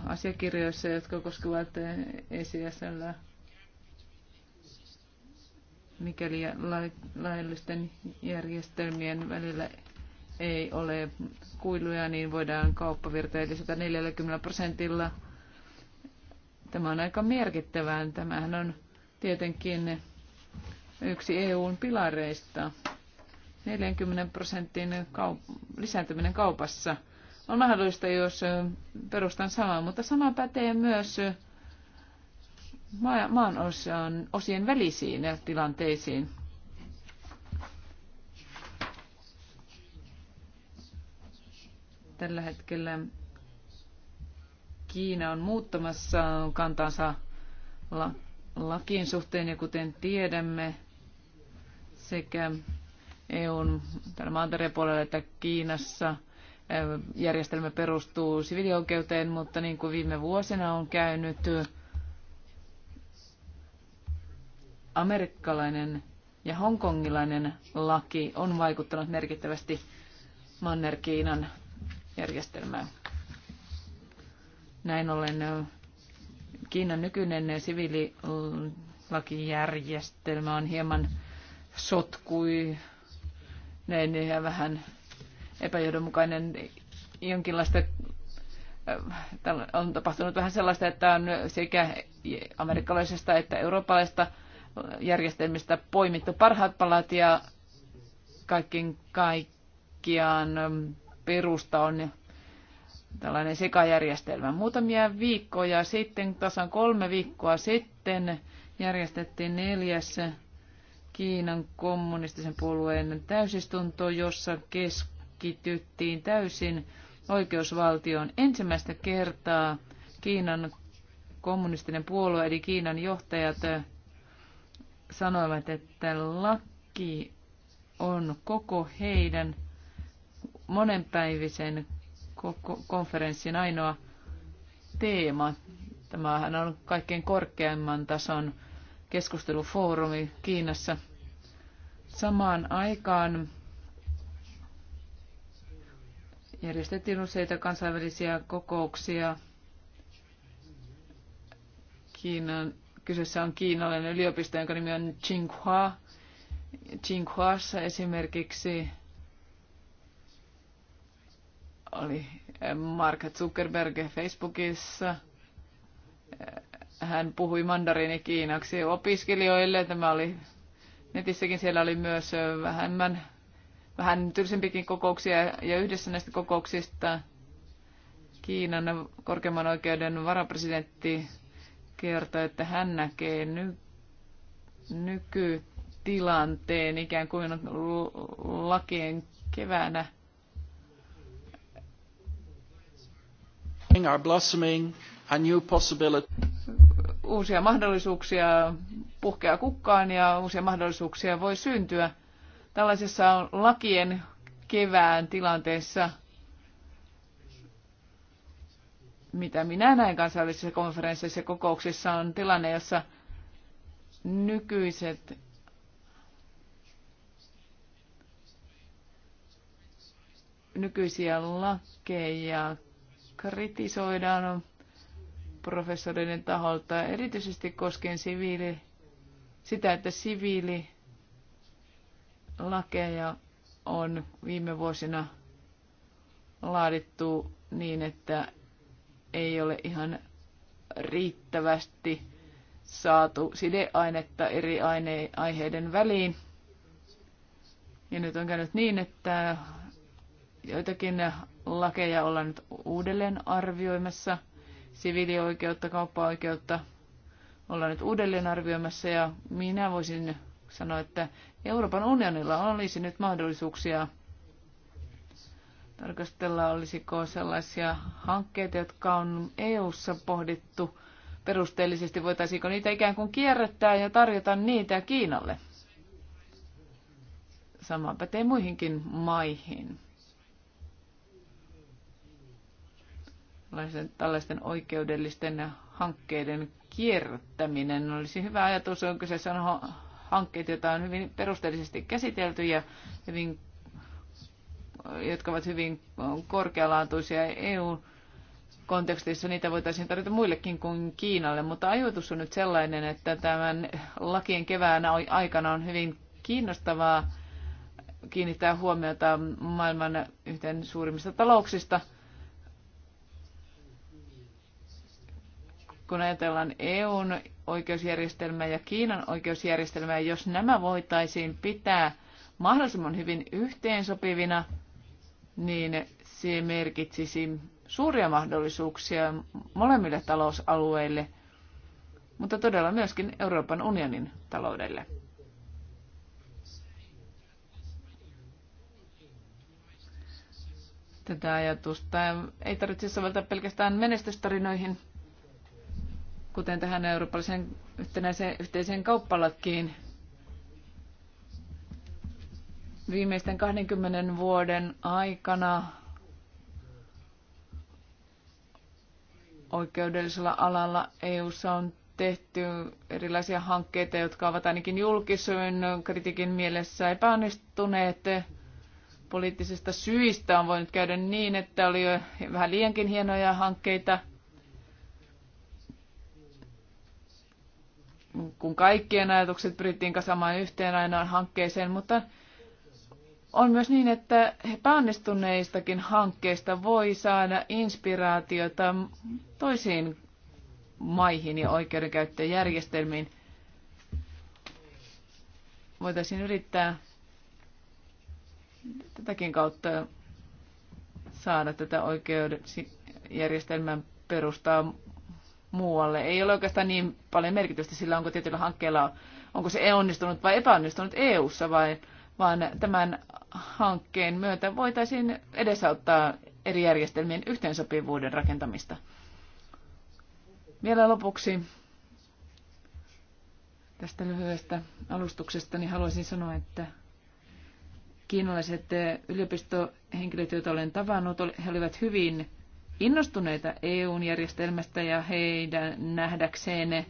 asiakirjoissa, jotka koskevat ECSL mikäli laillisten järjestelmien välillä ei ole kuiluja, niin voidaan kauppavirta 140 prosentilla. Tämä on aika merkittävää. Tämähän on tietenkin yksi EUn pilareista. 40 prosentin kaup- lisääntyminen kaupassa on mahdollista, jos perustan samaa, mutta sama pätee myös maan osaan, osien välisiin tilanteisiin. Tällä hetkellä Kiina on muuttamassa kantansa la, lakiin suhteen ja kuten tiedämme sekä EUn puolella että Kiinassa järjestelmä perustuu siviilioikeuteen, mutta niin kuin viime vuosina on käynyt, amerikkalainen ja hongkongilainen laki on vaikuttanut merkittävästi Manner-Kiinan järjestelmään. Näin ollen Kiinan nykyinen siviililakijärjestelmä on hieman sotkui näin ja vähän epäjohdonmukainen jonkinlaista on tapahtunut vähän sellaista, että on sekä amerikkalaisesta että eurooppalaisesta järjestelmistä poimittu parhaat palat ja kaiken kaikkiaan perusta on tällainen sekajärjestelmä. Muutamia viikkoja sitten, tasan kolme viikkoa sitten, järjestettiin neljäs Kiinan kommunistisen puolueen täysistunto, jossa keskityttiin täysin oikeusvaltioon. Ensimmäistä kertaa Kiinan kommunistinen puolue, eli Kiinan johtajat, sanoivat, että laki on koko heidän monenpäivisen koko konferenssin ainoa teema. Tämähän on kaikkein korkeimman tason keskustelufoorumi Kiinassa. Samaan aikaan järjestettiin useita kansainvälisiä kokouksia Kiinan Kyseessä on kiinalainen yliopisto, jonka nimi on Tsinghua. Tsinghuassa esimerkiksi oli eh, Mark Zuckerberg Facebookissa. Eh, hän puhui mandariini kiinaksi opiskelijoille. Tämä oli netissäkin siellä oli myös eh, vähemmän, vähän tylsempikin kokouksia ja yhdessä näistä kokouksista Kiinan korkeimman oikeuden varapresidentti kertoi, että hän näkee ny, nykytilanteen ikään kuin lakien keväänä. Are blossoming new possibility. Uusia mahdollisuuksia puhkeaa kukkaan ja uusia mahdollisuuksia voi syntyä. Tällaisessa lakien kevään tilanteessa – mitä minä näen kansainvälisissä konferensseissa ja kokouksissa, on tilanne, jossa nykyiset nykyisiä lakeja kritisoidaan professorien taholta, erityisesti koskien siviili, sitä, että siviili lakeja on viime vuosina laadittu niin, että ei ole ihan riittävästi saatu sideainetta eri aine- aiheiden väliin. Ja nyt on käynyt niin, että joitakin lakeja ollaan nyt uudelleen arvioimassa. Siviilioikeutta, kauppaoikeutta ollaan nyt uudelleen arvioimassa ja minä voisin sanoa, että Euroopan unionilla olisi nyt mahdollisuuksia tarkastella, olisiko sellaisia hankkeita, jotka on EU-ssa pohdittu perusteellisesti, voitaisiinko niitä ikään kuin kierrättää ja tarjota niitä Kiinalle. Sama pätee muihinkin maihin. Tällaisten, oikeudellisten hankkeiden kierrättäminen olisi hyvä ajatus. On kyseessä on hankkeet, joita on hyvin perusteellisesti käsitelty ja hyvin jotka ovat hyvin korkealaatuisia EU-kontekstissa, niitä voitaisiin tarjota muillekin kuin Kiinalle, mutta ajoitus on nyt sellainen, että tämän lakien kevään aikana on hyvin kiinnostavaa kiinnittää huomiota maailman yhteen suurimmista talouksista. Kun ajatellaan EUn oikeusjärjestelmää ja Kiinan oikeusjärjestelmää, jos nämä voitaisiin pitää mahdollisimman hyvin yhteensopivina – niin se merkitsisi suuria mahdollisuuksia molemmille talousalueille, mutta todella myöskin Euroopan unionin taloudelle. Tätä ajatusta ei tarvitse soveltaa pelkästään menestystarinoihin, kuten tähän eurooppalaisen yhtenäiseen yhteiseen kauppalakkiin, Viimeisten 20 vuoden aikana oikeudellisella alalla EU:ssa on tehty erilaisia hankkeita, jotka ovat ainakin julkisuuden kritiikin mielessä epäonnistuneet. Poliittisista syistä on voinut käydä niin, että oli jo vähän liiankin hienoja hankkeita. Kun kaikkien ajatukset pyrittiin kasamaan yhteen ainoan hankkeeseen, mutta on myös niin, että epäonnistuneistakin hankkeista voi saada inspiraatiota toisiin maihin ja oikeudenkäyttöjärjestelmiin. Voitaisiin yrittää tätäkin kautta saada tätä oikeudenjärjestelmän perustaa muualle. Ei ole oikeastaan niin paljon merkitystä sillä, onko tietyllä hankkeella, onko se onnistunut vai epäonnistunut EU-ssa vai vaan tämän hankkeen myötä voitaisiin edesauttaa eri järjestelmien yhteensopivuuden rakentamista. Vielä lopuksi tästä lyhyestä alustuksesta niin haluaisin sanoa, että kiinalaiset yliopistohenkilöt, joita olen tavannut, he olivat hyvin innostuneita EUn järjestelmästä ja heidän nähdäkseen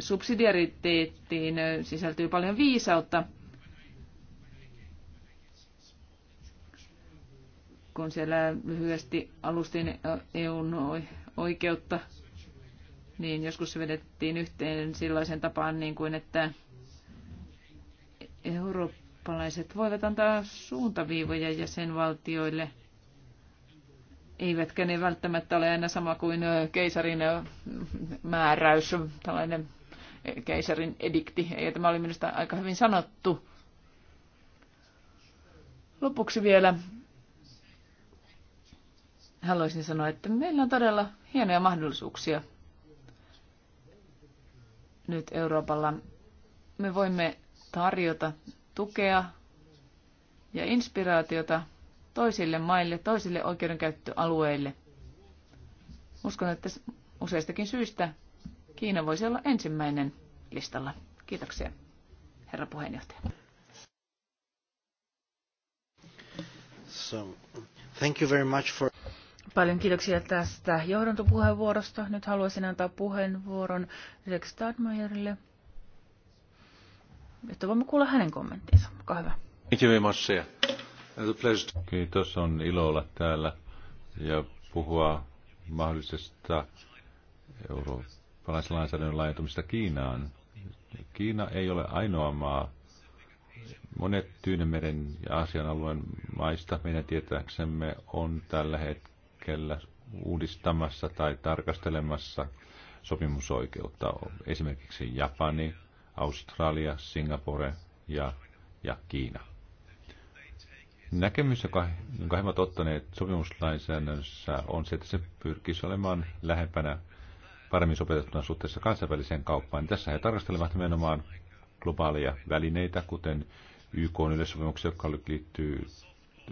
subsidiariteettiin sisältyy paljon viisautta – kun siellä lyhyesti alustin EUn oikeutta, niin joskus se vedettiin yhteen sellaisen tapaan, niin kuin että eurooppalaiset voivat antaa suuntaviivoja jäsenvaltioille, eivätkä ne välttämättä ole aina sama kuin keisarin määräys, tällainen keisarin edikti. Ja tämä oli minusta aika hyvin sanottu. Lopuksi vielä haluaisin sanoa, että meillä on todella hienoja mahdollisuuksia nyt Euroopalla. Me voimme tarjota tukea ja inspiraatiota toisille maille, toisille oikeudenkäyttöalueille. Uskon, että useistakin syistä Kiina voisi olla ensimmäinen listalla. Kiitoksia, herra puheenjohtaja. So, thank you very much for... Paljon kiitoksia tästä johdontopuheenvuorosta. Nyt haluaisin antaa puheenvuoron Rex Stadmeierille, että voimme kuulla hänen kommenttinsa. Olkaa hyvä. Kiitos, on ilo olla täällä ja puhua mahdollisesta eurooppalaisen lainsäädännön laajentumista Kiinaan. Kiina ei ole ainoa maa. Monet Tyynemeren ja Aasian alueen maista meidän tietääksemme on tällä hetkellä hetkellä uudistamassa tai tarkastelemassa sopimusoikeutta. Esimerkiksi Japani, Australia, Singapore ja, ja Kiina. Näkemys, joka, jonka he ovat ottaneet sopimuslainsäädännössä, on se, että se pyrkisi olemaan lähempänä paremmin sopeutettuna suhteessa kansainväliseen kauppaan. Tässä he tarkastelevat nimenomaan globaaleja välineitä, kuten YK yleissopimuksia, jotka liittyy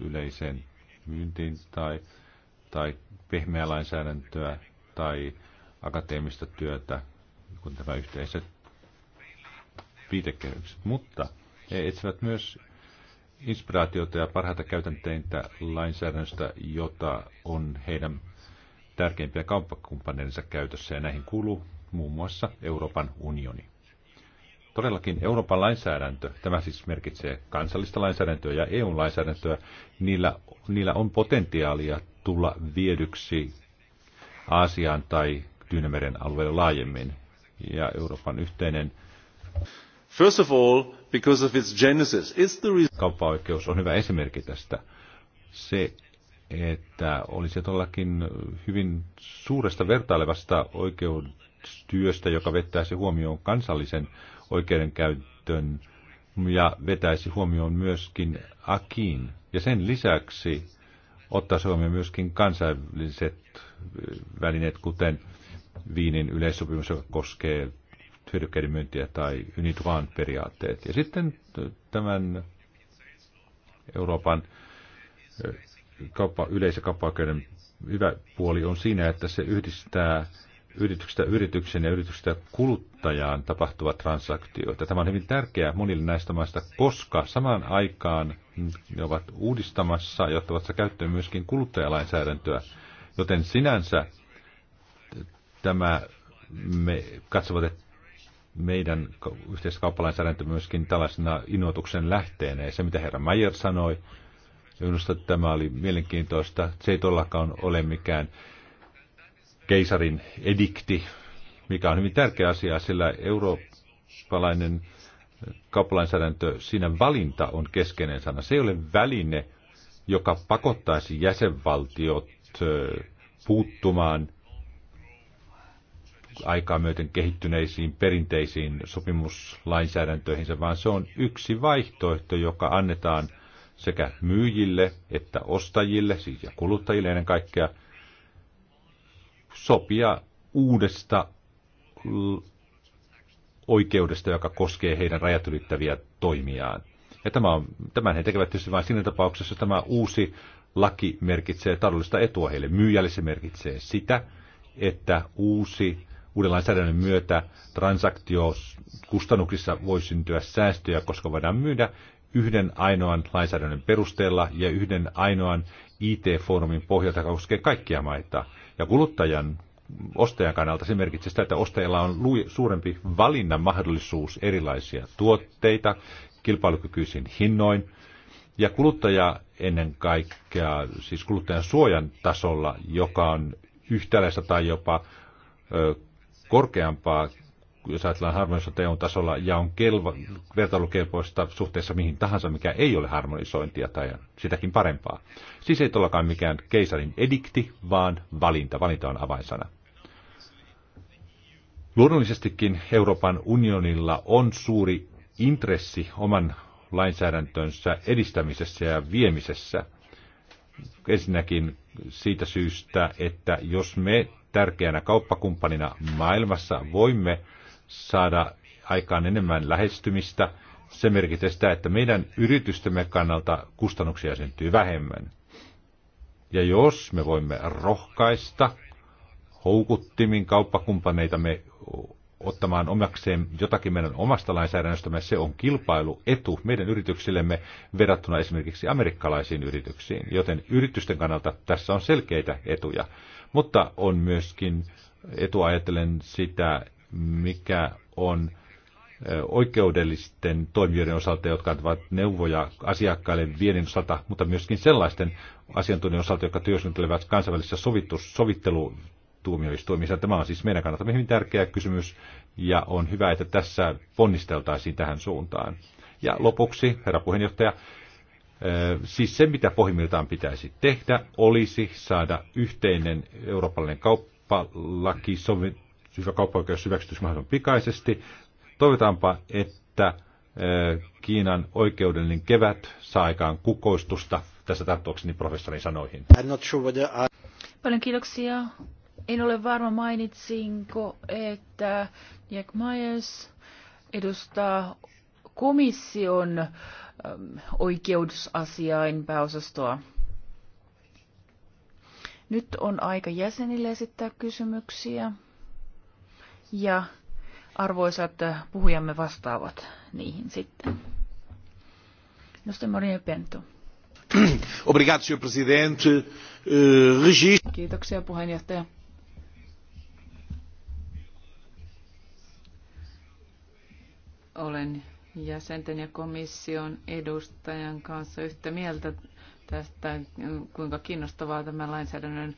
yleiseen myyntiin tai tai pehmeää lainsäädäntöä tai akateemista työtä, kun tämä yhteiset viitekehykset. Mutta he etsivät myös inspiraatiota ja parhaita käytänteitä lainsäädännöstä, jota on heidän tärkeimpiä kauppakumppaneidensa käytössä, ja näihin kuuluu muun muassa Euroopan unioni. Todellakin Euroopan lainsäädäntö, tämä siis merkitsee kansallista lainsäädäntöä ja eu lainsäädäntöä, niillä, niillä on potentiaalia tulla viedyksi Aasiaan tai Tyynemeren alueelle laajemmin ja Euroopan yhteinen First of all, because of its genesis, it's the reason... on hyvä esimerkki tästä. Se, että olisi todellakin hyvin suuresta vertailevasta oikeustyöstä, joka vetäisi huomioon kansallisen oikeudenkäytön ja vetäisi huomioon myöskin Akin. Ja sen lisäksi ottaa huomioon myöskin kansainväliset välineet, kuten Viinin yleissopimus, joka koskee hyödykkeiden myyntiä tai ynitvaan periaatteet. Ja sitten tämän Euroopan kauppa, yleisen kauppaoikeuden hyvä puoli on siinä, että se yhdistää yrityksestä yrityksen ja yrityksestä kuluttajaan tapahtuvat transaktiot. Ja tämä on hyvin tärkeää monille näistä maista, koska samaan aikaan ne ovat uudistamassa ja ottavassa käyttöön myöskin kuluttajalainsäädäntöä. Joten sinänsä tämä me katsovat, että meidän yhteiskauppalainsäädäntö myöskin tällaisena innoituksen lähteenä. Ja se, mitä herra Mayer sanoi, minusta tämä oli mielenkiintoista. Se ei todellakaan ole mikään keisarin edikti, mikä on hyvin tärkeä asia, sillä eurooppalainen kauppalainsäädäntö, siinä valinta on keskeinen sana. Se ei ole väline, joka pakottaisi jäsenvaltiot puuttumaan aikaa myöten kehittyneisiin perinteisiin sopimuslainsäädäntöihin, vaan se on yksi vaihtoehto, joka annetaan sekä myyjille että ostajille, siis ja kuluttajille ennen kaikkea – sopia uudesta oikeudesta, joka koskee heidän rajat ylittäviä toimiaan. Ja tämä on, tämän he tekevät tietysti vain siinä tapauksessa, tämä uusi laki merkitsee taloudellista etua heille. Myyjälle se merkitsee sitä, että uusi uuden lainsäädännön myötä transaktiokustannuksissa voi syntyä säästöjä, koska voidaan myydä yhden ainoan lainsäädännön perusteella ja yhden ainoan IT-foorumin pohjalta, joka koskee kaikkia maita. Ja kuluttajan ostajan kannalta se merkitsee sitä, että ostajalla on suurempi valinnan mahdollisuus erilaisia tuotteita kilpailukykyisin hinnoin. Ja kuluttaja ennen kaikkea, siis kuluttajan suojan tasolla, joka on yhtäläistä tai jopa ö, korkeampaa jos ajatellaan harmonisointia teon tasolla, ja on kelvo, vertailukelpoista suhteessa mihin tahansa, mikä ei ole harmonisointia tai sitäkin parempaa. Siis ei todellakaan mikään keisarin edikti, vaan valinta. Valinta on avainsana. Luonnollisestikin Euroopan unionilla on suuri intressi oman lainsäädäntönsä edistämisessä ja viemisessä. Ensinnäkin siitä syystä, että jos me tärkeänä kauppakumppanina maailmassa voimme saada aikaan enemmän lähestymistä. Se merkitsee sitä, että meidän yritystemme kannalta kustannuksia syntyy vähemmän. Ja jos me voimme rohkaista houkuttimin me ottamaan omakseen jotakin meidän omasta lainsäädännöstämme, se on kilpailuetu meidän yrityksillemme verrattuna esimerkiksi amerikkalaisiin yrityksiin. Joten yritysten kannalta tässä on selkeitä etuja. Mutta on myöskin etu ajatellen sitä, mikä on oikeudellisten toimijoiden osalta, jotka antavat neuvoja asiakkaille viennin osalta, mutta myöskin sellaisten asiantuntijoiden osalta, jotka työskentelevät kansainvälisessä sovittus, sovittelutuomioistuimissa. Tämä on siis meidän kannalta hyvin tärkeä kysymys ja on hyvä, että tässä ponnisteltaisiin tähän suuntaan. Ja lopuksi, herra puheenjohtaja, siis se, mitä pohjimmiltaan pitäisi tehdä, olisi saada yhteinen eurooppalainen kauppalaki sovittu siis kauppaoikeus hyväksytys mahdollisimman pikaisesti. Toivotaanpa, että eh, Kiinan oikeudellinen kevät saa aikaan kukoistusta, tässä tarttuakseni professorin sanoihin. Sure I... Paljon kiitoksia. En ole varma mainitsinko, että Jack Myers edustaa komission ähm, oikeusasiain pääosastoa. Nyt on aika jäsenille esittää kysymyksiä ja arvoisat puhujamme vastaavat niihin sitten. Pentu. No Obrigado, senhor presidente. Eh, registro. Kiitoksia puheenjohtaja. Olen jäsenten ja komission edustajan kanssa yhtä mieltä tästä, kuinka kiinnostavaa tämä lainsäädännön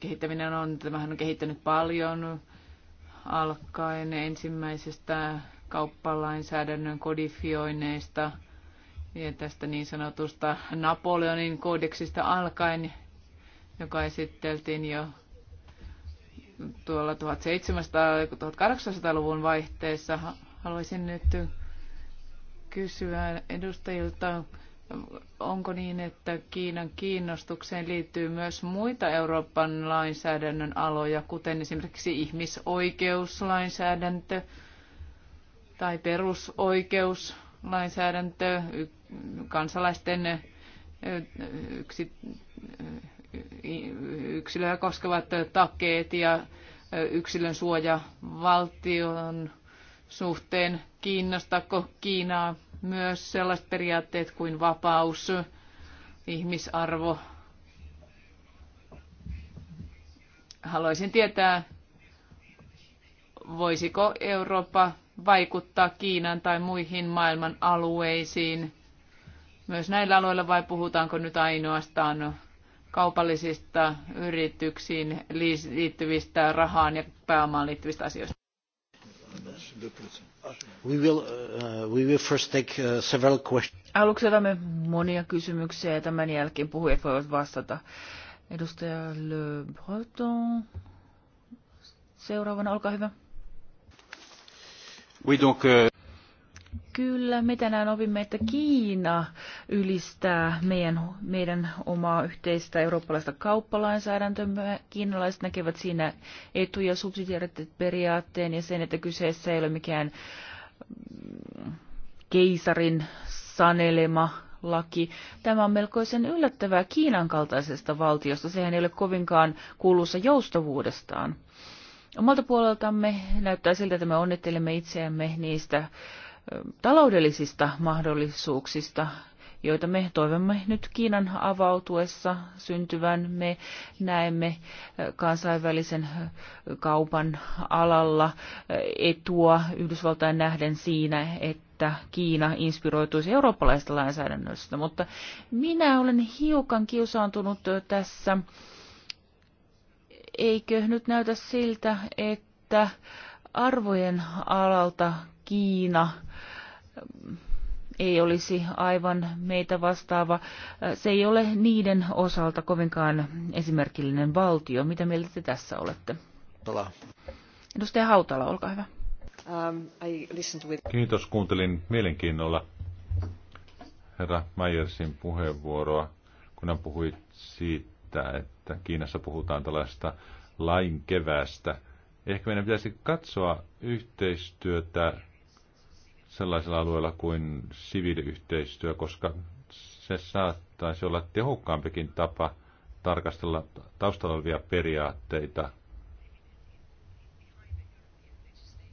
kehittäminen on. Tämähän on kehittänyt paljon alkaen ensimmäisestä kauppalainsäädännön kodifioineista ja tästä niin sanotusta Napoleonin koodeksista alkaen, joka esiteltiin jo tuolla 1700-1800-luvun vaihteessa. Haluaisin nyt kysyä edustajilta, onko niin, että Kiinan kiinnostukseen liittyy myös muita Euroopan lainsäädännön aloja, kuten esimerkiksi ihmisoikeuslainsäädäntö tai perusoikeuslainsäädäntö, kansalaisten yksi, yksilöä koskevat takeet ja yksilön suoja valtion suhteen. Kiinnostaako Kiinaa myös sellaiset periaatteet kuin vapaus, ihmisarvo. Haluaisin tietää, voisiko Eurooppa vaikuttaa Kiinan tai muihin maailman alueisiin myös näillä aloilla vai puhutaanko nyt ainoastaan kaupallisista yrityksiin liittyvistä rahaan ja pääomaan liittyvistä asioista? We will, uh, we will first take, uh, several questions. Aluksi otamme monia kysymyksiä ja tämän jälkeen puhujat voivat vastata. Edustaja Le Breton, seuraavana, olkaa hyvä. Oui, donc, euh... Kyllä, me tänään opimme, että Kiina ylistää meidän, meidän omaa yhteistä eurooppalaista kauppalainsäädäntöä. Kiinalaiset näkevät siinä etuja, periaatteen ja sen, että kyseessä ei ole mikään mm, keisarin sanelema laki. Tämä on melkoisen yllättävää Kiinan kaltaisesta valtiosta. Sehän ei ole kovinkaan kuuluisa joustavuudestaan. Omalta puoleltamme näyttää siltä, että me onnittelemme itseämme niistä taloudellisista mahdollisuuksista, joita me toivomme nyt Kiinan avautuessa syntyvän. Me näemme eh, kansainvälisen eh, kaupan alalla eh, etua Yhdysvaltain nähden siinä, että Kiina inspiroituisi eurooppalaisesta lainsäädännöstä. Mutta minä olen hiukan kiusaantunut tässä. Eikö nyt näytä siltä, että arvojen alalta Kiina ei olisi aivan meitä vastaava. Se ei ole niiden osalta kovinkaan esimerkillinen valtio. Mitä mieltä te tässä olette? Hautala. Edustaja Hautala, olkaa hyvä. Um, I with... Kiitos, kuuntelin mielenkiinnolla herra Myersin puheenvuoroa, kun hän puhui siitä, että Kiinassa puhutaan tällaista lain kevästä. Ehkä meidän pitäisi katsoa yhteistyötä sellaisella alueella kuin siviiliyhteistyö, koska se saattaisi olla tehokkaampikin tapa tarkastella taustalla olevia periaatteita,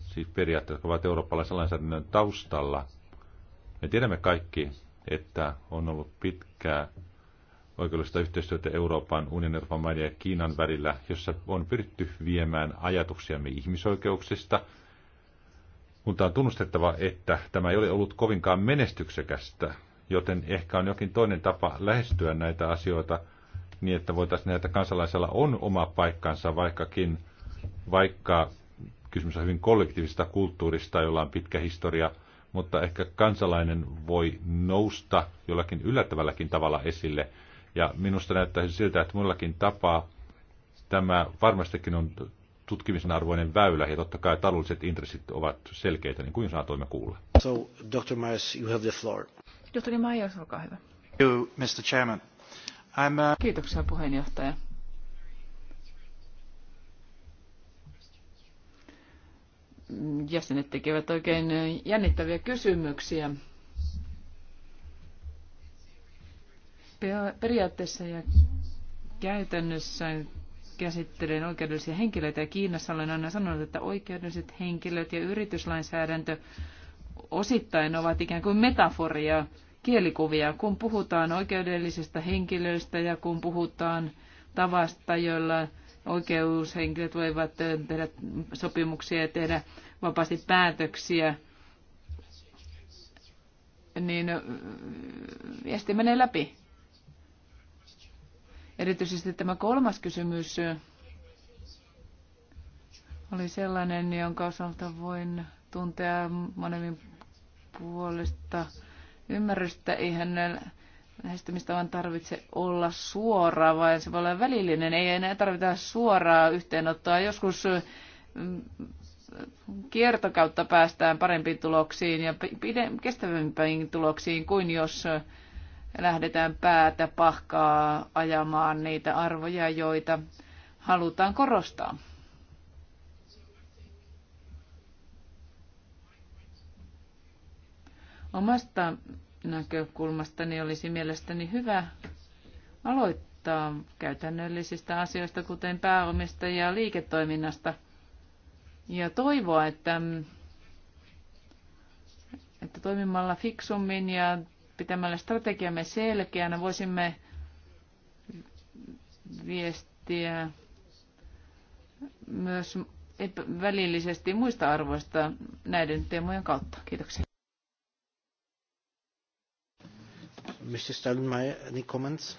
siis periaatteet, jotka ovat eurooppalaisen lainsäädännön taustalla. Me tiedämme kaikki, että on ollut pitkää oikeudellista yhteistyötä Euroopan, unionin Euroopan maiden ja Kiinan välillä, jossa on pyritty viemään ajatuksiamme ihmisoikeuksista – mutta on tunnustettava, että tämä ei ole ollut kovinkaan menestyksekästä, joten ehkä on jokin toinen tapa lähestyä näitä asioita niin, että voitaisiin näitä kansalaisella on oma paikkansa, vaikkakin, vaikka kysymys on hyvin kollektiivisesta kulttuurista, jolla on pitkä historia, mutta ehkä kansalainen voi nousta jollakin yllättävälläkin tavalla esille. Ja minusta näyttäisi siltä, että muillakin tapaa tämä varmastikin on tutkimisen arvoinen väylä ja totta kai taloudelliset intressit ovat selkeitä, niin kuin saatoimme kuulla. So, Dr. Myers, you have the floor. Dr. Myers, olkaa hyvä. You, Mr. Chairman. I'm uh... Kiitoksia puheenjohtaja. Jäsenet tekevät oikein jännittäviä kysymyksiä. Periaatteessa ja käytännössä käsittelen oikeudellisia henkilöitä ja Kiinassa olen aina sanonut, että oikeudelliset henkilöt ja yrityslainsäädäntö osittain ovat ikään kuin metaforia, kielikuvia, kun puhutaan oikeudellisista henkilöistä ja kun puhutaan tavasta, jolla oikeushenkilöt voivat tehdä sopimuksia ja tehdä vapaasti päätöksiä, niin viesti menee läpi. Erityisesti tämä kolmas kysymys oli sellainen, jonka osalta voin tuntea monemmin puolesta ymmärrystä. Eihän lähestymistavan tarvitse olla suora, vaan se voi olla välillinen. Ei enää tarvita suoraa yhteenottoa. Joskus mm, kiertokautta päästään parempiin tuloksiin ja kestävämpiin tuloksiin kuin jos lähdetään päätä pahkaa ajamaan niitä arvoja, joita halutaan korostaa. Omasta näkökulmastani olisi mielestäni hyvä aloittaa käytännöllisistä asioista, kuten pääomista ja liiketoiminnasta, ja toivoa, että, että toimimalla fiksummin ja pitämällä strategiamme selkeänä voisimme viestiä myös välillisesti muista arvoista näiden teemojen kautta. Kiitoksia. Mr. Stallmeyer, any comments?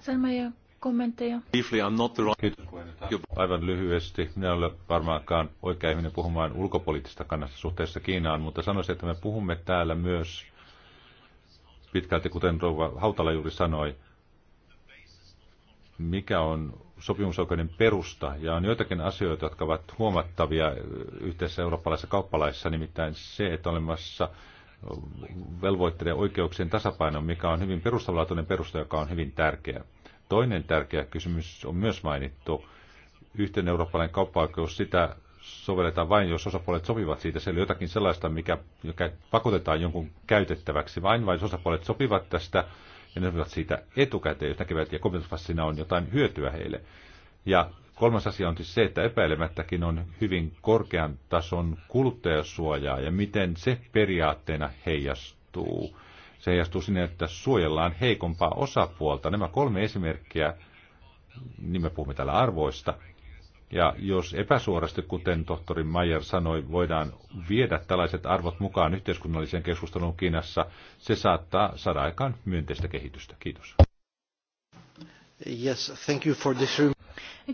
Stallmeyer, kommentteja. Briefly, I'm not the right... Aivan lyhyesti. Minä olen varmaankaan oikea ihminen puhumaan ulkopoliittista kannasta suhteessa Kiinaan, mutta sanoisin, että me puhumme täällä myös pitkälti, kuten Rouva Hautala juuri sanoi, mikä on sopimusoikeuden perusta. Ja on joitakin asioita, jotka ovat huomattavia yhteisessä eurooppalaisessa kauppalaissa, nimittäin se, että olemassa velvoitteiden oikeuksien tasapaino, mikä on hyvin perustavanlaatuinen perusta, joka on hyvin tärkeä. Toinen tärkeä kysymys on myös mainittu. Yhteinen eurooppalainen kauppaoikeus, sitä sovelletaan vain, jos osapuolet sopivat siitä. Se oli jotakin sellaista, mikä, mikä pakotetaan jonkun käytettäväksi. Vain vain jos osapuolet sopivat tästä ja ne sopivat siitä etukäteen, jos näkevät, ja kommentoivassa siinä on jotain hyötyä heille. Ja kolmas asia on siis se, että epäilemättäkin on hyvin korkean tason kuluttajasuojaa ja miten se periaatteena heijastuu. Se heijastuu sinne, että suojellaan heikompaa osapuolta. Nämä kolme esimerkkiä, niin me puhumme täällä arvoista, ja jos epäsuorasti, kuten tohtori Mayer sanoi, voidaan viedä tällaiset arvot mukaan yhteiskunnalliseen keskusteluun Kiinassa, se saattaa saada aikaan myönteistä kehitystä. Kiitos. Yes, thank you for this room.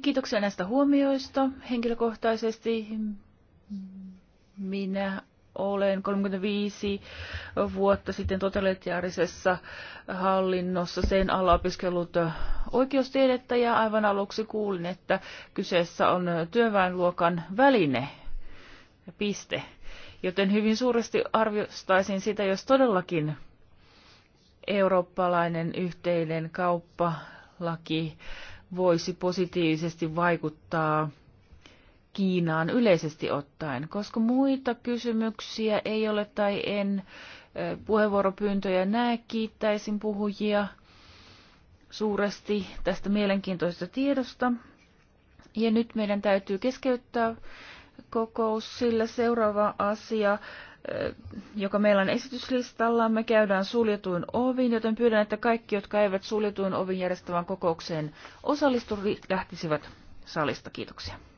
Kiitoksia näistä huomioista. Henkilökohtaisesti minä olen 35 vuotta sitten totalitaarisessa hallinnossa sen ala opiskellut oikeustiedettä ja aivan aluksi kuulin, että kyseessä on työväenluokan väline, piste. Joten hyvin suuresti arvostaisin sitä, jos todellakin eurooppalainen yhteinen kauppalaki voisi positiivisesti vaikuttaa – Kiinaan yleisesti ottaen, koska muita kysymyksiä ei ole tai en puheenvuoropyyntöjä näe. Kiittäisin puhujia suuresti tästä mielenkiintoisesta tiedosta. Ja nyt meidän täytyy keskeyttää kokous, sillä seuraava asia, joka meillä on esityslistalla, me käydään suljetuin ovin, joten pyydän, että kaikki, jotka eivät suljetuin ovin järjestävän kokoukseen osallistu, lähtisivät salista. Kiitoksia.